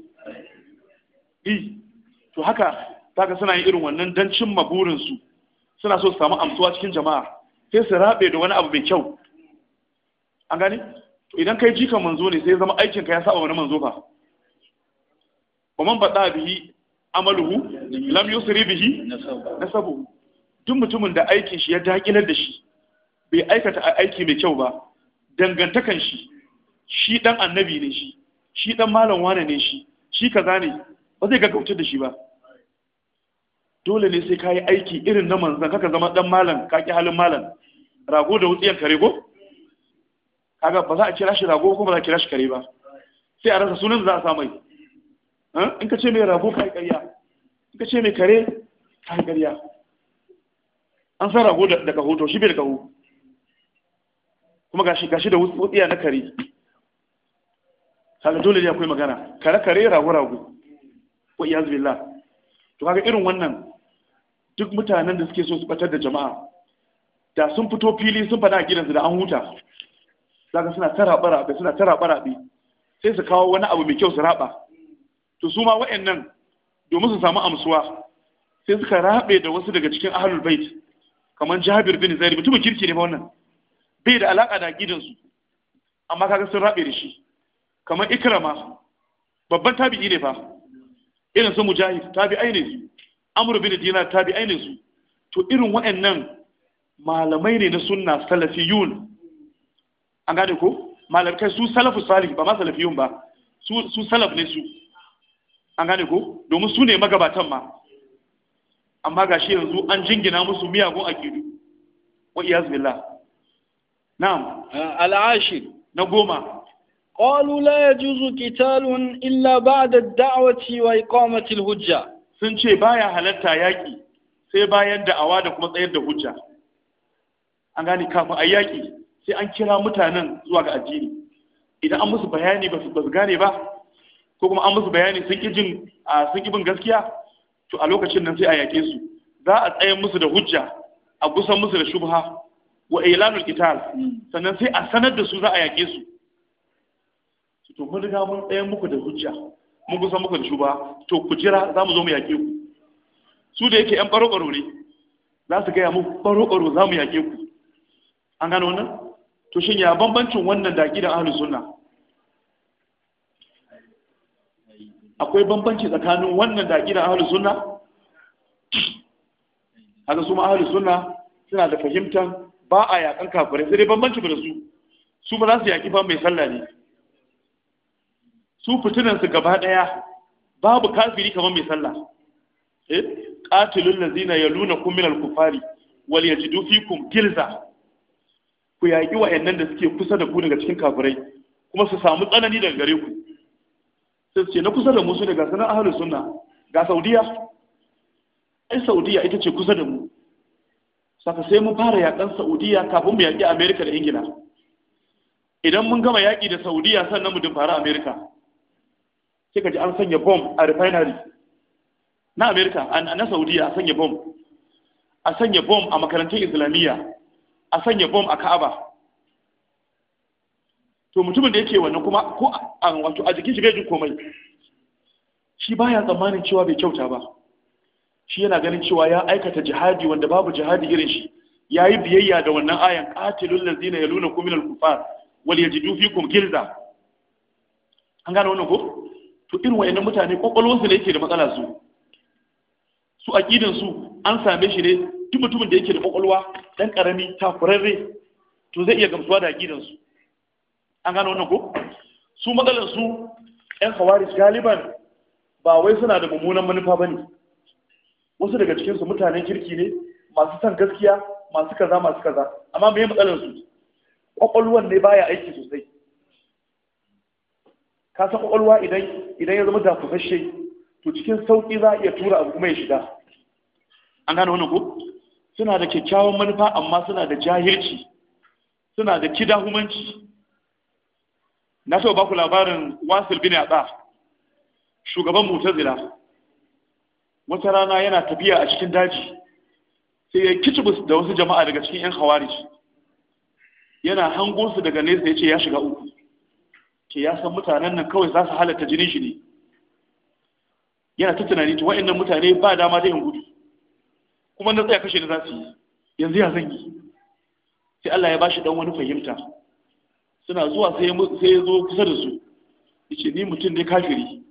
i to haka ga suna yi irin wannan don cimma burinsu suna so su samu amsuwa cikin jama'a sai su rabe da wani abu mai kyau an gane to idan kai jikan manzo ne sai zama aikin ka ya saba wani manzo fa wa man bada bihi amaluhu lam yusri bihi nasabu duk mutumin da aikin shi ya dakilar da shi bai aikata aiki mai kyau ba dangantakan shi shi dan annabi ne shi shi dan malam wane ne shi shi kaza ne ba zai gaggauta da shi ba dole ne sai ka yi aiki irin na manzan kaka zama dan malam ka ki halin malam rago da wutsiyan kare go kaga ba za a kira shi rago ko ba za a kira shi kare ba sai a rasa sunan da za a samai in ka ce mai rago ka yi ƙarya in ka ce mai kare ka yi ƙarya an san rago da kaho to shi bai da kaho kuma gashi gashi da wutsiya na kare kaga dole ne akwai magana kare kare ragu-ragu. wa iyaz billah to kaga irin wannan duk mutanen da suke so su batar da jama'a da sun fito fili sun fada gidansu da an huta kaga suna tara bara suna tara bara sai su kawo wani abu mai kyau su raba to su ma wa'annan domin su samu amsuwa sai suka rabe da wasu daga cikin ahlul bait kamar Jabir bin Zaid mutumin kirki ne ba wannan bai da alaka da gidansu amma kaga sun rabe da shi kamar ikrama babban tabi'i ne fa irin su mujahid tabi'ai ne su amru bin dinar tabi'ai ne su to irin waɗannan malamai ne na sunna salafiyun an gane ko malamai kai su salafu salih ba ma salafiyun ba su salaf ne su an gane ko domin su ne magabatan ma amma ga shi yanzu an jingina musu miyagun akidu wa iyaz billah na'am al-ashir na goma qalu la yajuzu qitalun illa ba'da ad-da'wati wa hujja sun ce baya halatta yaki sai bayan awa da kuma tsayar da hujja an gani kafin a yaki sai an kira mutanen zuwa ga addini idan an musu bayani ba su gane ba ko kuma an musu bayani sun ƙi sun bin gaskiya to a lokacin nan sai a yaƙe su za a tsaye musu da hujja a gusan musu da shubha wa ilanul qital hmm. sannan sai a sanar da su za a yaƙe su to mun riga mun tsaya muku da hujja mun kusa muku da ba, to ku jira za mu zo mu yaƙe ku su da yake ƴan baro-baro ne za su gaya mu baro-baro za mu yaƙe ku an gano wannan to shin ya bambancin wannan da gidan ahlus sunna akwai bambanci tsakanin wannan da gidan ahlus sunna haka su ma ahlus sunna suna da fahimtar ba a yaƙan kafirai sai dai bambanci da su su ba za su yaƙi ba mai sallah ne su fitinansu gaba ɗaya babu kafiri kamar mai sallah eh qatilul ladzina yalunakum minal kufari wal yajidu fikum gilza ku yaƙi wa'annan da suke kusa da ku daga cikin kafirai kuma su samu tsanani daga gare ku sai su ce na kusa da mu su ne ga sanar ahalus sunna ga saudiya ai saudiya ita ce kusa da mu saka sai mun fara yaƙan saudiya kafin mu yaƙi amerika da ingila idan mun gama yaƙi da saudiya sannan mu dumfara amerika sai ji an sanya bom a refinery na america na saudiya a sanya bom a sanya bom a makarantun islamiyya a sanya bom a ka'aba to mutumin da yake wannan kuma ko a wato a jikin shi bai ji komai shi baya tsammanin cewa bai kyauta ba shi yana ganin cewa ya aikata jihadi wanda babu jihadi irin shi ya yi biyayya da wannan ayan qatilul ladzina yalunakum minal kufar wal yajidu fikum gilza an gane wannan ko to irin wayannan mutane kwakwalwarsu ne yake da matsala su su a su an same shi ne duk mutumin da yake da kwakwalwa dan karami takurarre to zai iya gamsuwa da a su an gano wannan ko su matsalar su ƴan hawaris galiban ba wai suna da mummunan manufa ba ne. wasu daga cikinsu su mutanen kirki ne masu son gaskiya masu kaza masu kaza amma mai matsalar su kwakwalwan ne baya aiki sosai ka san kwakwalwa idan idan ya zama dafusashe to cikin sauƙi za a iya tura abu kuma ya shiga an gane wani ko suna da kyakkyawan manufa amma suna da jahilci suna da kidahumanci na so baku labarin wasil bin yatsa shugaban mutazila wata rana yana tafiya a cikin daji sai ya kicibus da wasu jama'a daga cikin yan hawari yana hango su daga nesa ya ce ya shiga uku ke ya san mutanen nan kawai za su halatta jinin shi ne yana ta tunani to wa'annan mutane ba dama da yin gudu kuma na tsaya kashe da za su yi yanzu ya zan yi sai Allah ya bashi dan wani fahimta suna zuwa sai sai ya zo kusa da su yace ni mutum ne kafiri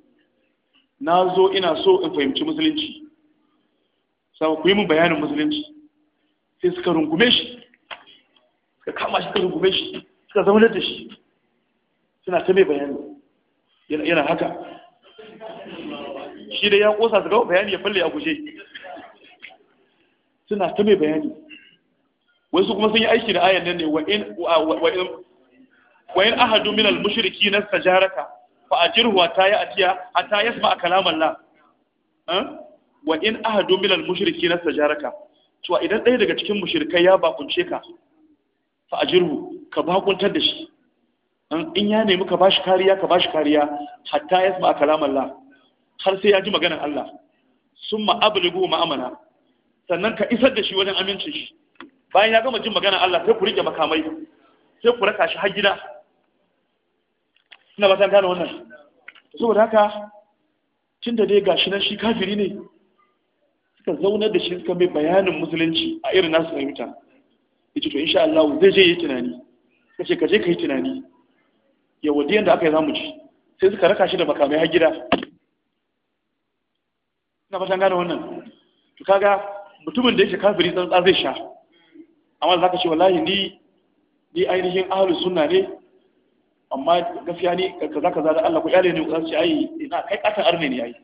na zo ina so in fahimci musulunci sai ku yi min bayanin musulunci sai suka rungume shi ka kama shi suka rungume shi suka zama da shi suna ta mai bayani yana haka shi da ya kosa su gawa bayani ya falle a guje suna ta mai bayani wasu kuma sun yi aiki da ayan nan ne wa in ahadu min al-mushriki na sajaraka fa ajirhu hatta ya atiya hatta yasma kalam Allah wa in ahadu min al-mushriki na sajaraka to idan ɗaya daga cikin mushrikai ya bakunce ka fa ajirhu ka bakuntar da shi in ya nemi ka bashi kariya ka bashi kariya hatta ya sama kalaman Allah har sai ya ji maganar Allah sun ma'abligu ma'amana sannan ka isar da shi wajen amincin shi bayan ya gama jin maganar Allah sai ku rike makamai sai ku raka shi har gida ina ba ta gane wannan saboda haka tunda dai gashi nan shi kafiri ne suka zaunar da shi suka mai bayanin musulunci a irin nasu fahimta yace to insha Allah zai je yi tunani kace ka je ka yi tunani yawa diyan da aka yi zamu ci sai suka raka shi da makamai har gida ina fatan gane wannan to kaga mutumin da yake kafiri tsantsa zai sha amma za ka ce wallahi ni ni ainihin ahlus sunna ne amma gaskiya ni kaza kaza da Allah ku yale ne ku ce ai ina kai katan arne ne ai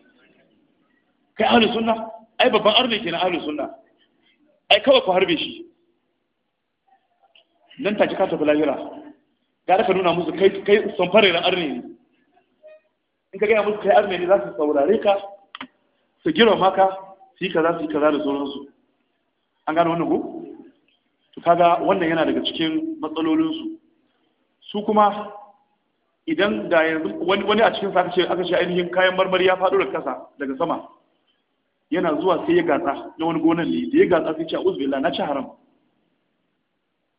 kai ahlus sunna ai babban arne kenan ahlus sunna ai kawai ku harbe shi nan ta ka tafi lahira gara ka nuna musu kai kai samfare arne ne in ka gaya musu kai arne ne za su saurare ka su girma ka su yi kaza su yi kaza da sauransu an gane wannan ko to kaga wannan yana daga cikin matsalolinsu su kuma idan da yanzu wani a cikin sa ce aka ce ainihin kayan marmari ya faɗo daga kasa daga sama yana zuwa sai ya gatsa na wani gonan ne da ya gatsa sai ce a uzbillah na ci haram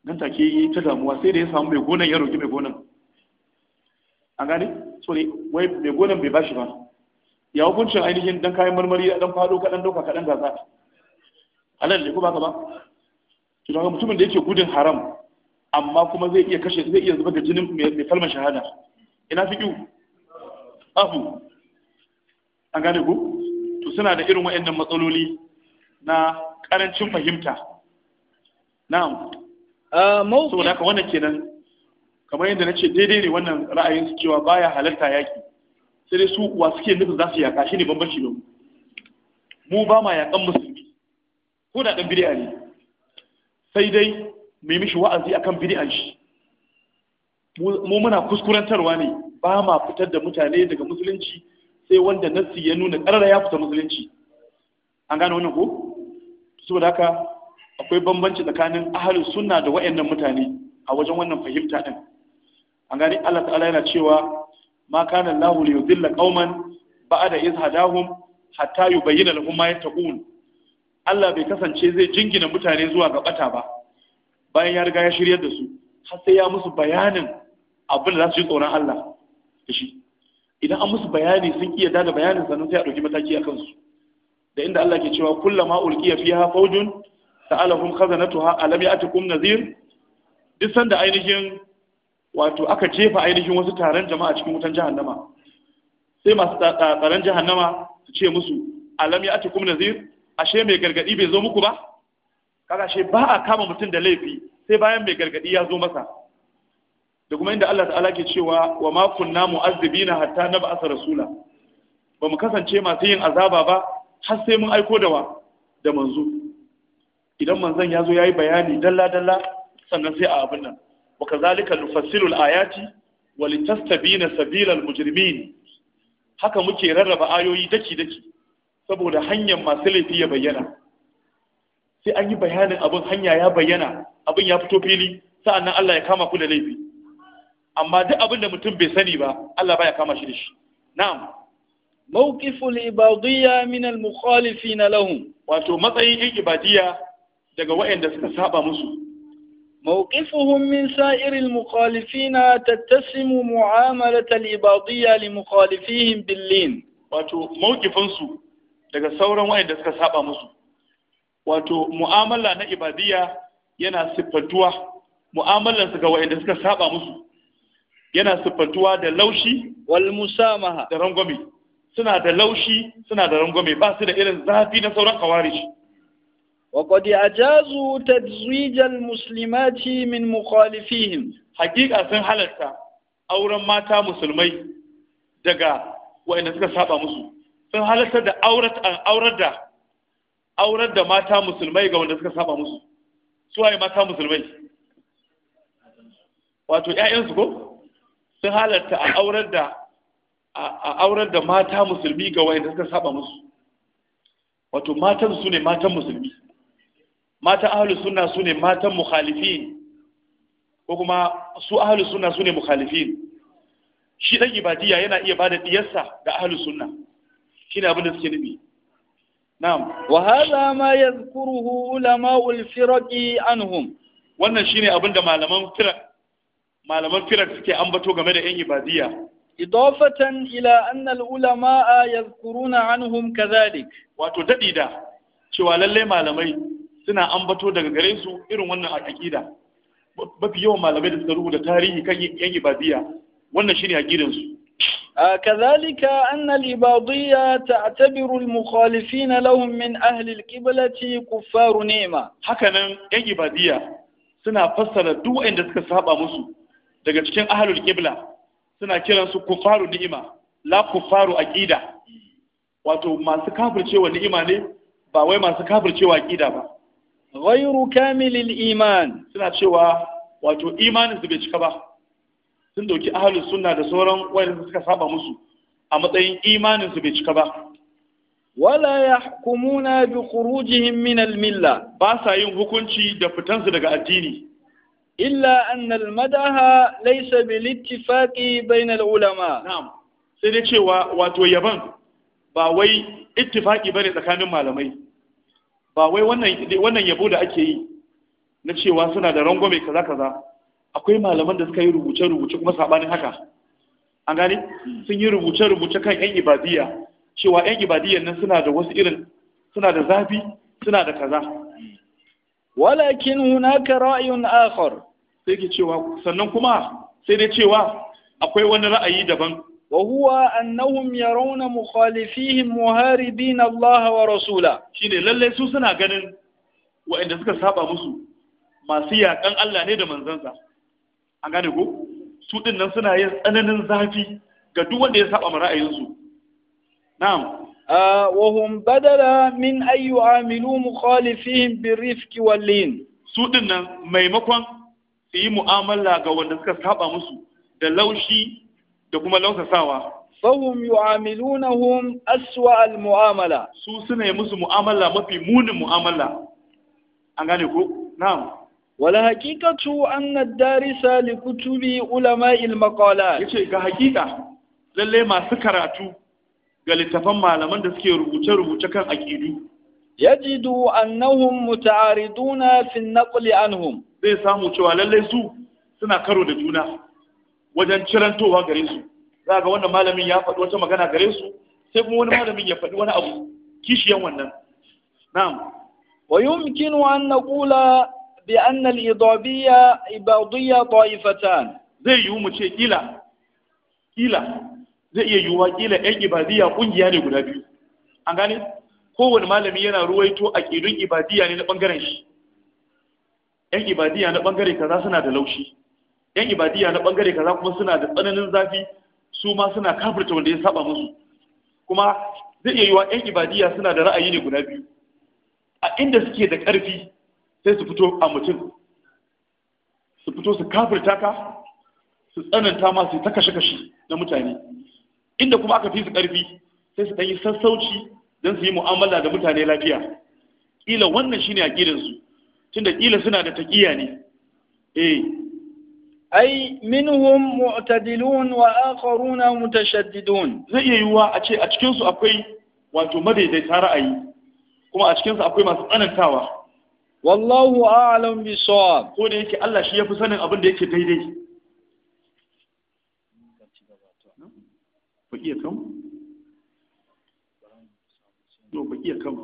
nan take yi ta damuwa sai da ya samu mai gonan ya roƙi mai gonan an gane so ne wai mai gonan bai bashi ba ya hukuncin ainihin dan kayan marmari dan fado kaɗan ɗauka kaɗan gaza halal ne ko ba ka ba ki daga mutumin da yake gudun haram amma kuma zai iya kashe zai iya zuba da jinin mai kalmar shahada ina fi kiwu Afu. an gane ku to suna da irin waɗannan matsaloli na ƙarancin fahimta na'am Uh, saboda haka wannan kenan kamar yadda na ce daidai ne wannan ra'ayin su cewa baya halarta yaki sai dai su wa suke nufin za su yaka shi ne bambanci da mu ba ma yakan musulmi ko da dan bid'a ne sai dai mai mishi wa'azi akan bid'an shi mu muna kuskurantarwa ne ba ma fitar da mutane daga musulunci sai wanda nassi ya nuna karara ya fita musulunci an gane wannan ko saboda haka akwai bambanci tsakanin ahalin sunna da wayannan mutane a wajen wannan fahimta din an gani Allah ta'ala yana cewa ma kana Allahu li yudilla qauman ba'da iz hadahum hatta yubayyana lahum ma yattaqun Allah bai kasance zai jingina mutane zuwa ga bata ba bayan ya riga ya shiryar da su har sai ya musu bayanin abin da za su yi tsoron Allah da shi idan an musu bayani sun iya da bayanin sannan sai a ɗauki mataki a kansu da inda Allah ke cewa kullama ulqiya fiha fawjun sa'alahum khazanatuha alam ya'tikum nadhir duk sanda ainihin wato aka jefa ainihin wasu taron jama'a cikin wutan jahannama sai masu tsaron jahannama su ce musu alam ya'tikum nadhir ashe mai gargadi bai zo muku ba kaga shi ba a kama mutum da laifi sai bayan mai gargadi ya zo masa da kuma inda Allah ta'ala ke cewa wa ma kunna mu'azzibina hatta nab'atha rasula ba mu kasance masu yin azaba ba har sai mun aiko da wa da manzo idan manzon ya zo ya yi bayani dalla dalla sannan sai a abin nan wa kazalika nufassilu ayati wa litastabina sabilal mujrimin haka muke rarraba ayoyi daki daki saboda hanyar masu laifi ya bayyana sai an yi bayanin abin hanya ya bayyana abin ya fito fili sa'annan Allah ya kama ku da laifi amma duk abin da mutum bai sani ba Allah baya kama shi da shi na'am موقف الإباضية من المخالفين lahum wato matsayin ibadiyya daga waɗanda suka saba musu موقفهم من سائر المخالفين تتسم معاملة الإباضية لمخالفيهم باللين wato mawkifinsu daga sauran wayanda suka saba musu wato mu'amala na ibadiyya yana siffatuwa mu'amalar ga wayanda suka saba musu yana siffatuwa da laushi wal musamaha da rangwame suna da laushi suna da rangwame ba su da irin zafi na sauran kawarici وقد أجازوا تزويج المسلمات من مخالفيهم حقيقة سن حلتا أورا ماتا مسلمي دقا وإن سكا سابا مسو سن حلتا دا أورت أن أورد دا أورد دا ماتا مسلمي وإن سكا سابا مسو سواء ماتا مسلمي واتو ‘ya'yansu ko سن halarta a aurar da a aurar da mata musulmi ga wayanda suka saba musu wato matan su matan suna su sune matan mukhalifin ko kuma su suna su sune mukhalifin shi dan ibadiyya yana iya bada diyarsa ga ahlus sunna shine abin da suke nufi na'am wa hadha ma yadhkuruhu ulama'ul firaqi anhum wannan shine abin da malaman firaq malaman firaq suke ambato game da yan ibadiyya idafatan ila anna al-ulama'a yadhkuruna anhum kadhalik wato dadida cewa lalle malamai suna ambato daga gare su irin wannan aqida mafi yawan malamai da suka rubuta tarihi kan yan ibadiyya wannan shine aqidan su كذلك أن الإباضية تعتبر المخالفين لهم من أهل القبلة Haka nan, 'yan أي suna fassara duk دو suka saba musu daga cikin ahalul kibla suna kiransu kufaru ni'ima la kufaru aqida wato masu kafircewa ni'ima ne ba wai masu kafircewa aqida ba ghairu kamilil iman suna cewa wato imanin su bai cika ba sun dauki ahlus sunna da sauran wayanda suka saba musu a matsayin imanin su bai cika ba wala yahkumuna bi khurujihim min al milla ba sa yin hukunci da fitansu daga addini illa anna al madaha laysa bil ittifaqi bain al ulama na'am sai dai cewa wato yaban ba wai ittifaqi bane tsakanin malamai ba wai wannan yabo da ake yi na cewa suna da rangwame kaza kaza akwai malaman da suka yi rubuce rubuce kuma sabanin haka an gane sun yi rubuce rubuce kan yan ibadiyya cewa yan ibadiyya nan suna da wasu irin suna da zafi suna da kaza walakin hunaka ra'yun akhar sai ke cewa sannan kuma sai dai cewa akwai wani ra'ayi daban وهو أنهم يرون مخالفيهم مهاربين الله ورسوله شيني للي سوسنا قنن وإن سكا سابا مسو ما سيا كان الله نيدا من زنزا أغاني كو سودن نسنا يسألن زافي قدوان دي سابا مرأي ينسو نعم آه وهم بدل من أن يعاملوا مخالفيهم بالرفق واللين سودن ميمكوان في معاملة قوان سكا سابا مسو da laushi da kuma lausasawa fahum hum aswa al-mu'amala su suna yi musu mu'amala mafi munin mu'amala an gane ku? na'am wala haqiqatu an ad-darisa li kutubi ulama'i al-maqalat yace ga hakika" lalle masu karatu ga littafan malaman da suke rubuce-rubuce kan aqidu yajidu annahum muta'ariduna fi an-naqli anhum zai samu cewa lalle su suna karo da juna wajen cirantowa gare su za ga wannan malamin ya faɗi wata magana gare su sai kuma wani malamin ya faɗi wani abu kishiyan wannan na'am wa yumkinu an naqula bi anna al-idabiyya ibadiyya ta'ifatan zai yiwu mu ce kila kila zai iya yiwuwa kila yan ibadiyya kungiya ne guda biyu an gane kowane malami yana ruwaito a kidun ibadiyya ne na ɓangaren shi ‘yan ibadiyya na ɓangare kaza suna da laushi yan ibadiyya na bangare kaza kuma suna da tsananin zafi su ma suna kafirta wanda ya saba musu kuma zai iya yiwa yan ibadiyya suna da ra'ayi ne guda biyu a inda suke da ƙarfi sai su fito a mutum su fito su kafirta ka su tsananta ma ta kashe-kashe na mutane inda kuma aka fi su ƙarfi sai su yi sassauci don su yi mu'amala da mutane lafiya ƙila wannan shine su tunda ƙila suna da taƙiya ne eh ai minhum mu'tadilun wa akharuna mutashaddidun zai iya yiwuwa a ce a cikin su akwai wato madaidaita ra'ayi kuma a cikin su akwai masu tsanantawa wallahu a'lam bisawab ko da yake Allah shi yafi sanin abin da yake daidai bakiya kan no bakiya kan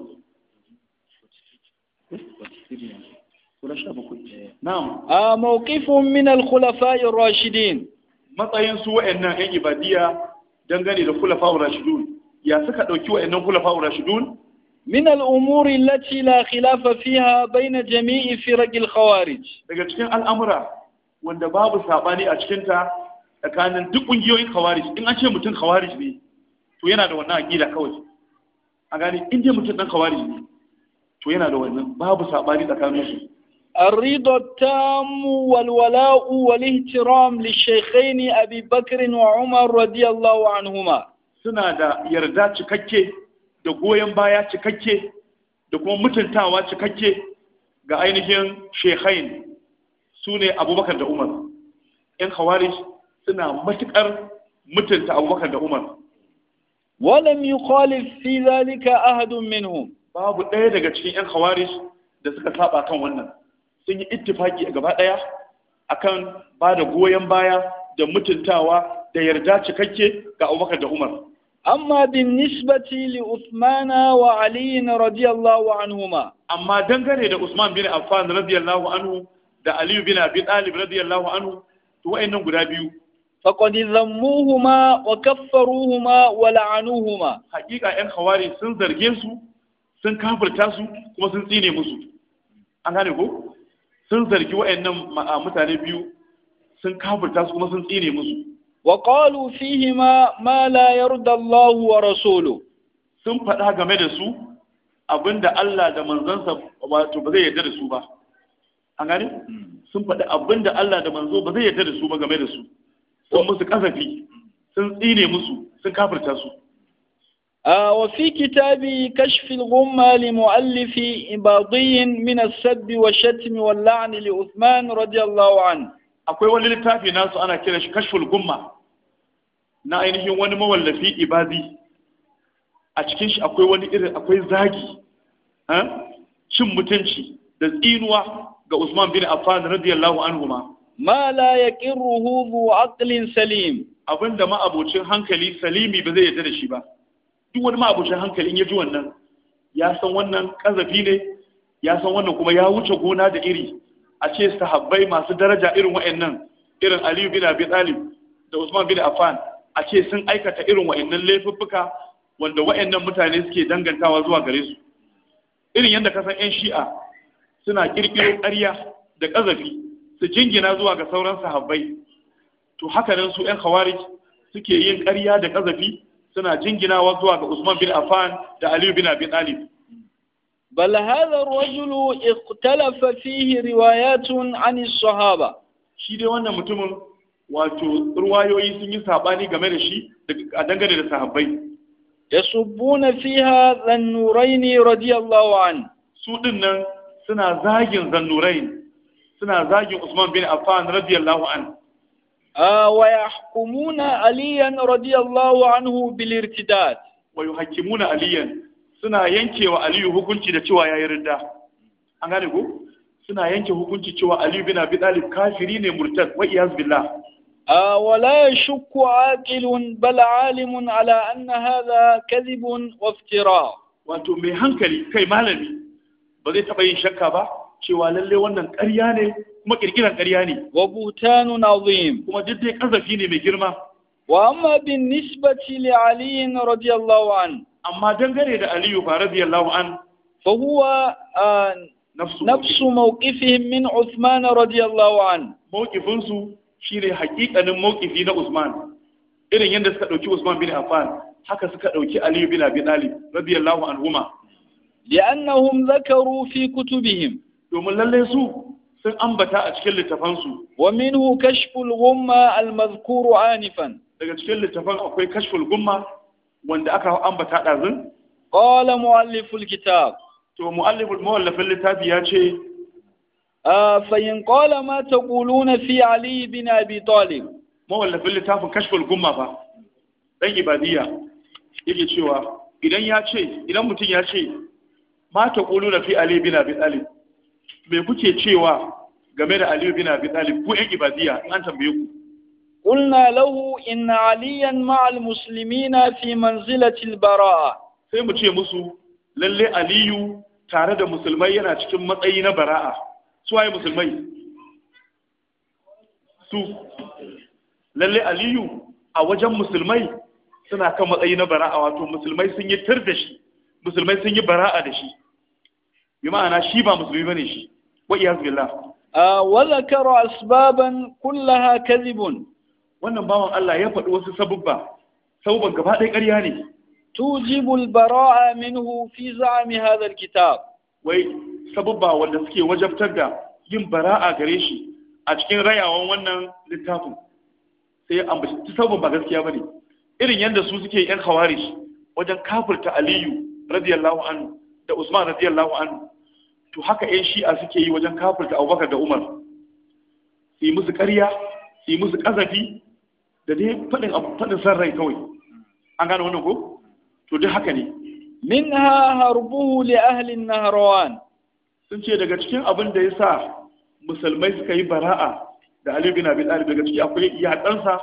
eh? نعم موقف من الخلفاء الراشدين ما طاين ان هي بادية دنغاني الخلفاء الراشدون يا سكت وكيو ان الخلفاء الراشدون من الامور التي لا خلاف فيها بين جميع فرق الخوارج لكن الامر وند باب ساباني اشكنتا كان duk kungiyoyin khawarij in an ce mutun khawarij ne to yana da wannan aqida kawai a gani in je mutun dan khawarij ne الرضا التام والولاء والاحترام للشيخين أبي بكر وعمر رضي الله عنهما suna da yarda cikakke da goyon baya cikakke da kuma mutuntawa cikakke ga ainihin shekhain su ne abubakar da umar yan hawari suna matuƙar mutunta abubakar da umar walam yi khalif fi zalika ahadun minhum babu ɗaya daga cikin yan hawari da suka saba kan wannan sun yi ittifaki gaba ɗaya akan ba da goyon baya da mutuntawa da yarda cikakke ga Abubakar da Umar. Amma bin nisbati li Usmana wa Ali radiyallahu ma. Amma dangane da Usman bin Affan radiyallahu anhu da Ali bin Abi Talib radiyallahu anhu to wayannan guda biyu faqad zammuhuma wa kaffaruhuma wa la'anuhuma Hakika yan hawari sun zarge su sun kafirta su kuma sun tsine musu an gane ko sun zargi wa'annan mutane biyu sun kafirta su kuma sun tsine musu wa qalu fihi ma la yarda Allah wa rasuluhu sun faɗa game da su abinda Allah da manzansa wato ba zai yarda da su ba an gane sun faɗi abinda Allah da manzo ba zai yarda da su ba game da su sun musu kasafi sun tsine musu sun kafirta su وفي كتابي كشف الغمة لمؤلف إباضي من السب والشتم واللعن لعثمان رضي الله عنه akwai wani littafi nasu ana kira shi kashful gumma na ainihin wani mawallafi ibadi a cikin shi akwai wani irin zagi cin mutunci da tsinuwa ga Usman bin Affan radiyallahu anhuma ma la yaqirruhu bu aqlin salim abinda ma abocin hankali salimi ba zai yarda da shi ba duk wani ma'abushin hankalin ya ji wannan ya san wannan kazafi ne ya san wannan kuma ya wuce gona da iri a ce sahabbai masu daraja irin wa'annan irin aliyu bin abi talib da usman bin affan a ce sun aikata irin wa'annan laifuffuka wanda wa'annan mutane suke dangantawa zuwa gare su irin yadda kasan yan shi'a suna kirkiro ƙarya da kazafi su jingina zuwa ga sauran sahabbai to haka su yan khawarij suke yin ƙarya da kazafi suna jinginawa zuwa ga Usman bin Affan da Ali bin Abi Talib bal hadha ar-rajulu ikhtalafa fihi riwayatun an sahaba shi dai wannan mutumin wato ruwayoyi sun yi sabani game da shi a dangane da sahabbai yasubbuna fiha dhannurain radiyallahu an su nan suna zagin nurayn, suna zagin Usman bin Affan radiyallahu an ويحكمون عليا رضي الله عنه بالارتداد ويحكمون عليا suna yankewa Aliyu hukunci da cewa yayi ridda an gane ko suna yanke hukunci cewa Aliyu bin Abi Talib kafiri ne murtad wa iyaz billah ولا يشك عاقل بل عالم على أن هذا كذب وافتراء wato mai hankali kai malami ba zai taɓa yin shakka ba cewa lalle wannan ƙarya ne kuma ƙirƙiran ƙarya ne wa butanun azim kuma duk dai kazafi ne mai girma wa amma bin nisbati li ali radiyallahu an amma dangane da aliyu fa radiyallahu an fa huwa nafsu mawqifihim min usman radiyallahu an mawqifin shi ne hakikanin mawqifi na usman irin yadda suka ɗauki usman bin affan haka suka ɗauki aliyu bin abi talib radiyallahu anhuma لأنهم ذكروا في كتبهم domin lallai su sun ambata a cikin littafansu wa hu kashful ghumma al anifan daga cikin littafan akwai kashful gumma wanda aka ambata dazun qala mualliful kitab to mualliful muallafin littafi ya ce فإن قال ما تقولون في علي بن أبي طالب ما ولا littafin kashful gumma كشف الجمة با دان إبادية يجي شوى إذا يا شيء إذا متين يا شيء ما na في علي me kuke cewa game da Aliyu bin Abi Talib ku ƴan ibadiya an tambaye ku lahu له Aliyan ma'al muslimina fi manzilati al-bara'a sai mu ce musu lalle aliyu tare da musulmai yana cikin matsayi na bara'a su waye musulmai su lalle aliyu a wajen musulmai suna kan matsayi na bara'a wato musulmai sun yi tir da shi musulmai sun yi bara'a da shi bi ma'ana shi ba musulmi bane shi Ah, wa iyaz billah wa zakara asbaban kullaha kadhibun wannan bawan Allah ya faɗi wasu sabubba sabubban gaba ɗaya ƙarya ne tujibul bara'a minhu fi za'mi hadha alkitab wai sabubba wanda suke wajabtar da yin bara'a gare shi a cikin rayawan wannan littafin sai ambaci sabubban ba gaskiya bane irin yadda su suke yan khawarij wajen kafirta Aliyu radiyallahu anhu da Usman radiyallahu anhu to haka ƴan shi'a suke yi wajen kafirta abubakar da umar su yi musu ƙarya su yi musu ƙazafi da dai faɗin faɗin san rai kawai an gane wannan ko to duk haka ne minha harbuhu li na nahrawan sun ce daga cikin abin da ya sa musulmai suka yi bara'a da Ali bin Abi Talib daga ciki akwai yaɗansa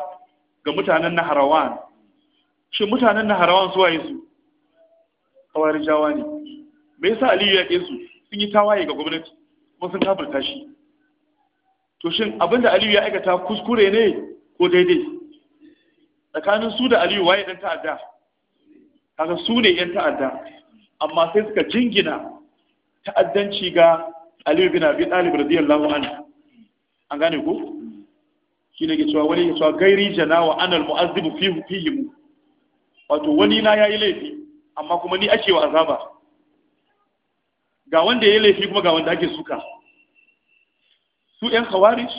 ga mutanen Naharawan shi mutanen Naharawan su waye su kawarijawa ne me yasa Ali ya yaƙe su sun yi tawaye ga gwamnati kuma sun kafirta shi to shin abinda aliyu ya aikata kuskure ne ko daidai tsakanin su da aliyu waye dan ta'adda kaga su ne yan ta'adda amma sai suka jingina ta'addanci ga aliyu bin abi talib radiyallahu anhu an gane ko shi ne ke cewa wani ke cewa gairi jana wa anal mu'azzibu fihi fihi wato wani na yayi laifi amma kuma ni ake wa azaba ga wanda ya laifi kuma ga wanda ake suka su ‘yan khawarij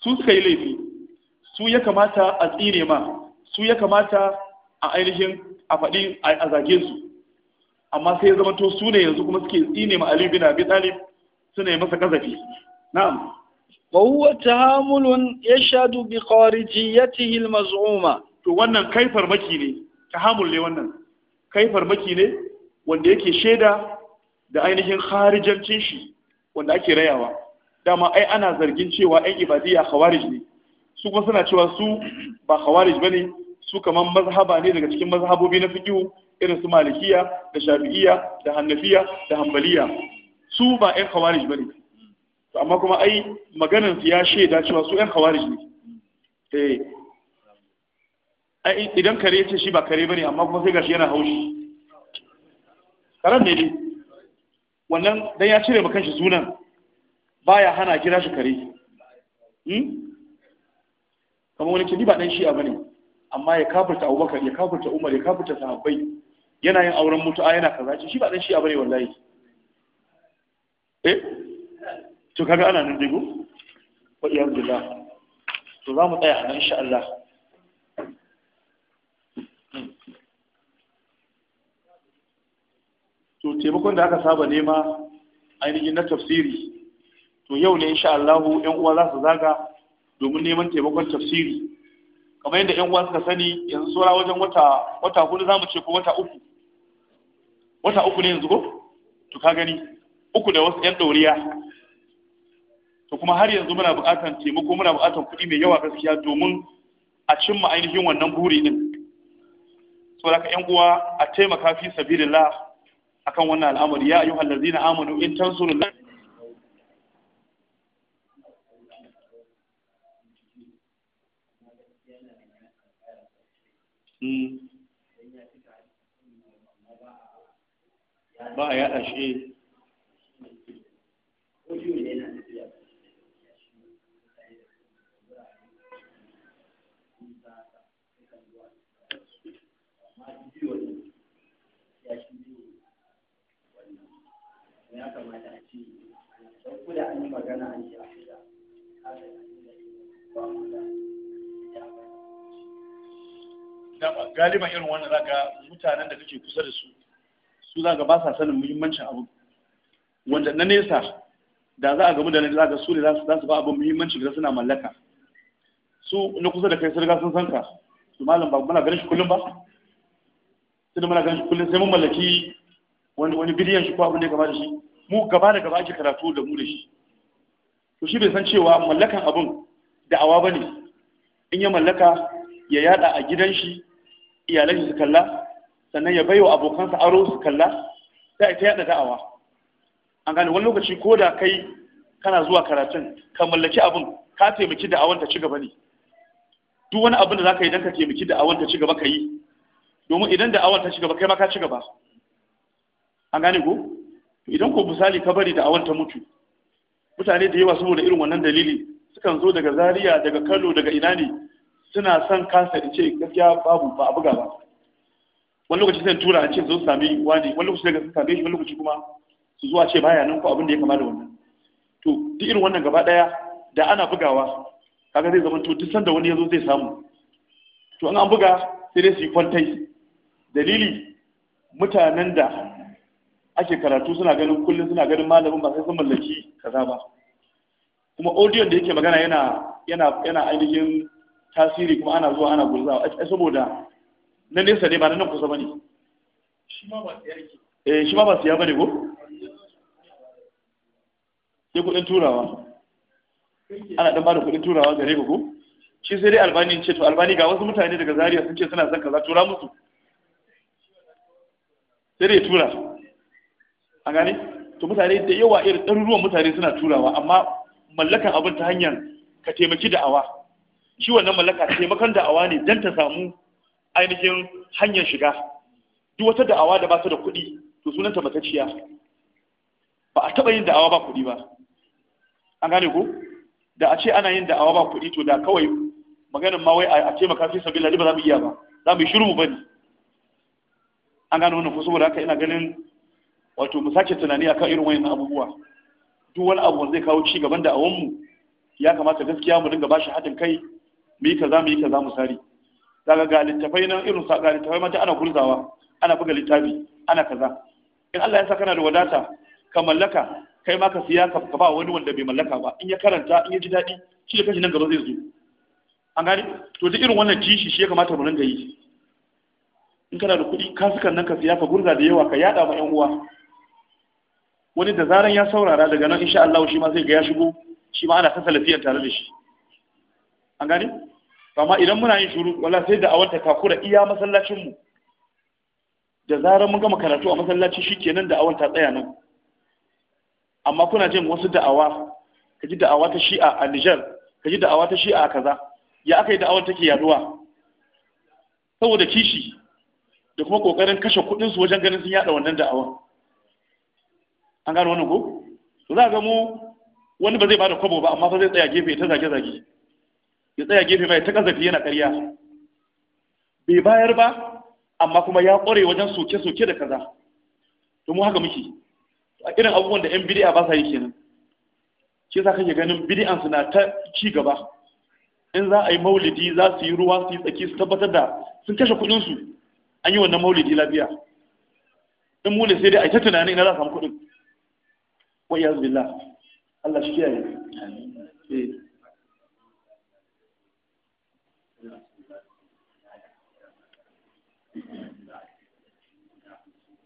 su suka yi laifi su ya kamata a tsine ma su ya kamata a ainihin a faɗi a zage su amma sai ya zama to su ne yanzu kuma suke tsine ma Ali bin Abi suna yi masa kazafi na'am wa huwa tahamulun yashhadu bi kharijiyatihi al-maz'uma to wannan kai farmaki ne tahamul ne wannan kai farmaki ne wanda yake shaida da ainihin kharijancin shi wanda ake rayawa dama ai ana zargin cewa ɗan ibadiyya khawarij ne su kuma suna cewa su ba khawarij bane su kaman mazhaba ne daga cikin mazhabobi na fiqh irin su malikiya da shafi'iyya da hannafiya da hanbaliya su ba ɗan khawarij bane to amma kuma ai maganar su ya shaida cewa su ɗan khawarij ne eh idan kare ya ce shi ba kare bane amma kuma sai gashi yana haushi karan ne dai wannan dan ya cire makan shi sunan baya hana kira shi kare hmm? kamar wani kidi ba dan shi'a bane amma ya kafirta Abubakar ya kafirta Umar ya kafirta sahabbai yana yin auren mutu'a yana kaza ce shi ba dan shi'a bane wallahi eh to kaga ana nan digo wa iyyakum to za mu tsaya a nan insha Allah to taimakon da aka saba nema ainihin na tafsiri to yau ne insha Allahu ƴan uwa za su zaga domin neman taimakon tafsiri kamar yadda ƴan uwa suka sani yanzu saura wajen wata wata hudu mu ce ko wata uku wata uku ne yanzu ko to ka gani uku da wasu ƴan ɗoriya to kuma har yanzu muna buƙatar taimako muna buƙatar kuɗi mai yawa gaskiya domin a cimma ainihin wannan buri din saboda ka ƴan uwa a taimaka fi sabilillah akan wannan al'amari ya ayyuhal ladzina amanu in tansurullah hmm. ba a galiban irin wannan zaka mutanen da kake kusa da su su zaka ba sa sanin muhimmancin abu wanda na nesa da za a gamu da nesa, zaka su ne za su ba abin muhimmanci da suna mallaka su na kusa da kai sun riga sun san ka su malam ba muna ganin shi kullum ba sai da muna ganin shi kullum sai mun mallaki wani wani bidiyon shi ko abin da ya da shi mu gaba da gaba ake karatu da mu da shi to shi bai san cewa mallakan abun da'awa ba ne in ya mallaka ya yada a gidan shi iyalai su kalla sannan ya baiwa abokansa aro su kalla sai a ta yada da'awa an gane wani lokaci ko da kai kana zuwa karatun ka mallaki abin ka taimaki da awanta ci gaba ne duk wani abin da zaka yi dan ka taimaki da awanta ci gaba ka yi domin idan da awanta ci gaba kai ma ka ci gaba an gane ko idan ko misali ka bari da awanta mutu mutane da yawa saboda irin wannan dalili sukan zo daga Zariya, daga kano daga ina ne suna son kansa da ce gaskiya babu ba a buga ba wani lokaci sai tura a ce zo sami wani wani lokaci daga sami shi wani lokaci kuma su zuwa ce baya nan ko abin da ya kama da wannan to duk irin wannan gaba daya da ana bugawa kaga zai zama to duk sanda wani yazo zai samu to an buga sai dai su yi kwantai dalili mutanen da ake karatu suna ganin kullum suna ganin malamin ba sai sun mallaki kaza ba kuma audio da yake magana yana yana yana ainihin tasiri kuma ana zuwa ana gurzawa saboda na nesa ne ba na nan kusa shi ma ba siya eh, shi ma ba ne bane ko ya kudin turawa ana dan da kudin turawa gare ku ko shi sai dai albani ce to albani ga wasu mutane daga zaria sun ce suna son kaza tura musu sai dai tura a gane to mutane da yawa irin ɗaruruwan mutane suna turawa amma mallakan abin ta hanyar ka taimaki da'awa shi wannan mallaka taimakon da'awa ne don ta samu ainihin hanyar shiga duk wata da'awa da ba ta da kuɗi to sunanta matacciya ba a taɓa yin da'awa ba kuɗi ba an gane ko da a ce ana yin da'awa ba kuɗi to da kawai maganin ma wai a taimaka fi sabila ba za mu iya ba za mu yi shiru mu ne. an gane wannan kusurwa saboda haka ina ganin wato mu sake tunani akan irin wayannan abubuwa duk wani abu wanda zai kawo ci gaban da'awanmu ya kamata gaskiya mu dinga bashi haɗin kai mu yi kaza mu yi kaza sari daga ga littafai nan irin sa ga littafai mata ana gurzawa ana buga littafi ana kaza in Allah ya saka kana da wadata ka mallaka kai ma ka siya ka ba wani wanda bai mallaka ba in ya karanta in ya ji daɗi shi da kashi nan gaba zai zo an gani. to duk irin wannan kishi shi ya kamata mu ringa yi in kana da kuɗi kasukan nan ka siya ka gurza da yawa ka yada ma yan uwa wani da zaran ya saurara daga nan insha Allah shi ma zai ga ya shigo shi ma ana ta salafiyar tare da shi an gani amma idan muna yin shuru wala sai da awanta takura iya masallacin mu da zarar mun gama karatu a masallaci shikenan da awanta tsaya nan amma kuna jin wasu da'awa kaji da'awa ta shi'a a Niger kaji da'awa ta shi'a a kaza ya aka yi da'awar take yaduwa saboda kishi da kuma kokarin kashe kudin su wajen ganin sun yada wannan da'awa an gano wannan ko to za ga mu wani ba zai bada kwabo ba amma fa zai tsaya gefe ta zage zage ya tsaya gefe mai ta kazafi yana karya. bai bayar ba amma kuma ya kware wajen soke-soke da kaza domin haka muke a irin abubuwan da 'yan bidi'a ba sa yi kenan ke sa kake ganin bidi'an su na ta ci gaba in za a yi maulidi za su yi ruwa su yi tsaki su tabbatar da sun kashe kuɗin su an yi wannan maulidi lafiya in mu sai dai a yi ta tunanin ina za a samu kuɗin wa iyaz billah Allah shi kiyaye eh.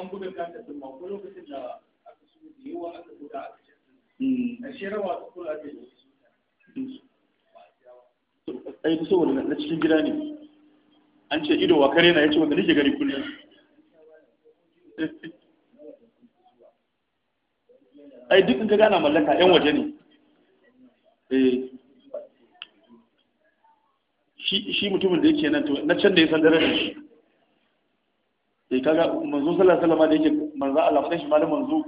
an buga kanta ce a hmm. ai na cikin gida ne an ce ido wa kare na ya ce wanda nake gani kullum ai duk in ka gana mallaka yan waje ne eh. shi mutumin da yake nan to na can da ya san daren shi sai eh, kaga manzo sallallahu alaihi wasallam da yake manzo Allah madan shi malamin manzo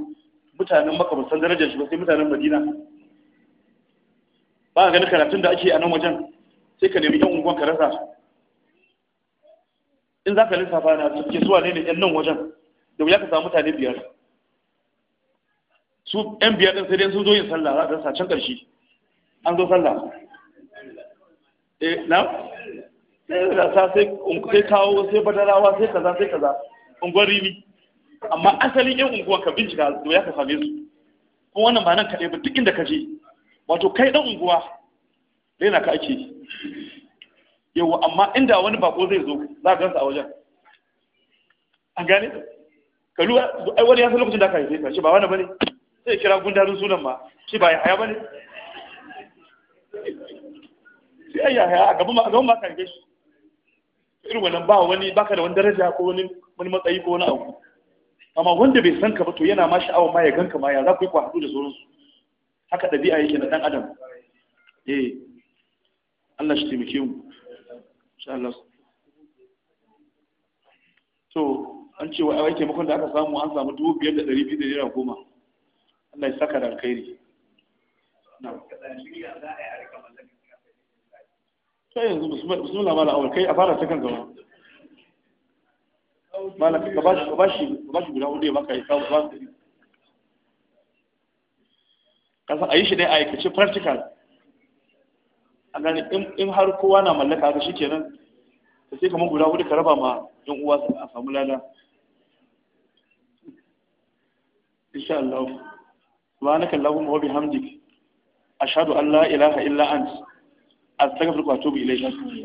mutanen Makka ba san darajar shi ba sai mutanen Madina ba ga ganin karatun da ake a nan wajen sai ka nemi ɗan unguwan ka rasa in za ka lissafa na ke zuwa ne yan nan wajen da wuya ka samu mutane biyar su yan biyar din sai dai sun zo yin sallah za ka rasa can ƙarshe an zo sallah eh na sai da sai kawo sai badarawa sai kaza sai kaza unguwar rimi amma asalin yan unguwar ka bincika da ya ka same su kuma wannan ba nan kaɗai ba duk inda ka je wato kai ɗan unguwa raina ka ake yawa amma inda wani bako zai zo za a gansa a wajen an gane ka lura ai wani ya san lokacin da aka haife ka shi ba wani bane sai kira gundarin sunan ma shi ba ya haya bane sai ya haya a gaban ma ka haife shi irin wannan ba wani baka da wani daraja ko wani wani matsayi ko wani abu amma wanda bai san ka ba to yana ma sha'awar ma ya ganka ma ya za ku yi ku haɗu da sauransu haka ɗabi'a yake na ɗan adam eh Allah shi taimake mu insha Allah to an ce wa ai taimakon da aka samu an samu dubu biyar da ɗari biyu da naira goma Allah ya saka da alkhairi to yanzu bismillah mala awal kai a fara ta kan gaba malaka ka bashi ka bashi ka bashi guda hudu ya baka ya kawo ba ka san ayi shi dai a aikace practical a gani in har kowa na mallaka haka shikenan ta sai kamar guda hudu ka raba ma yan uwa a samu lada insha Allah subhanaka allahumma wa bihamdik ashhadu an la ilaha illa anta astaghfiruka wa atubu ilayk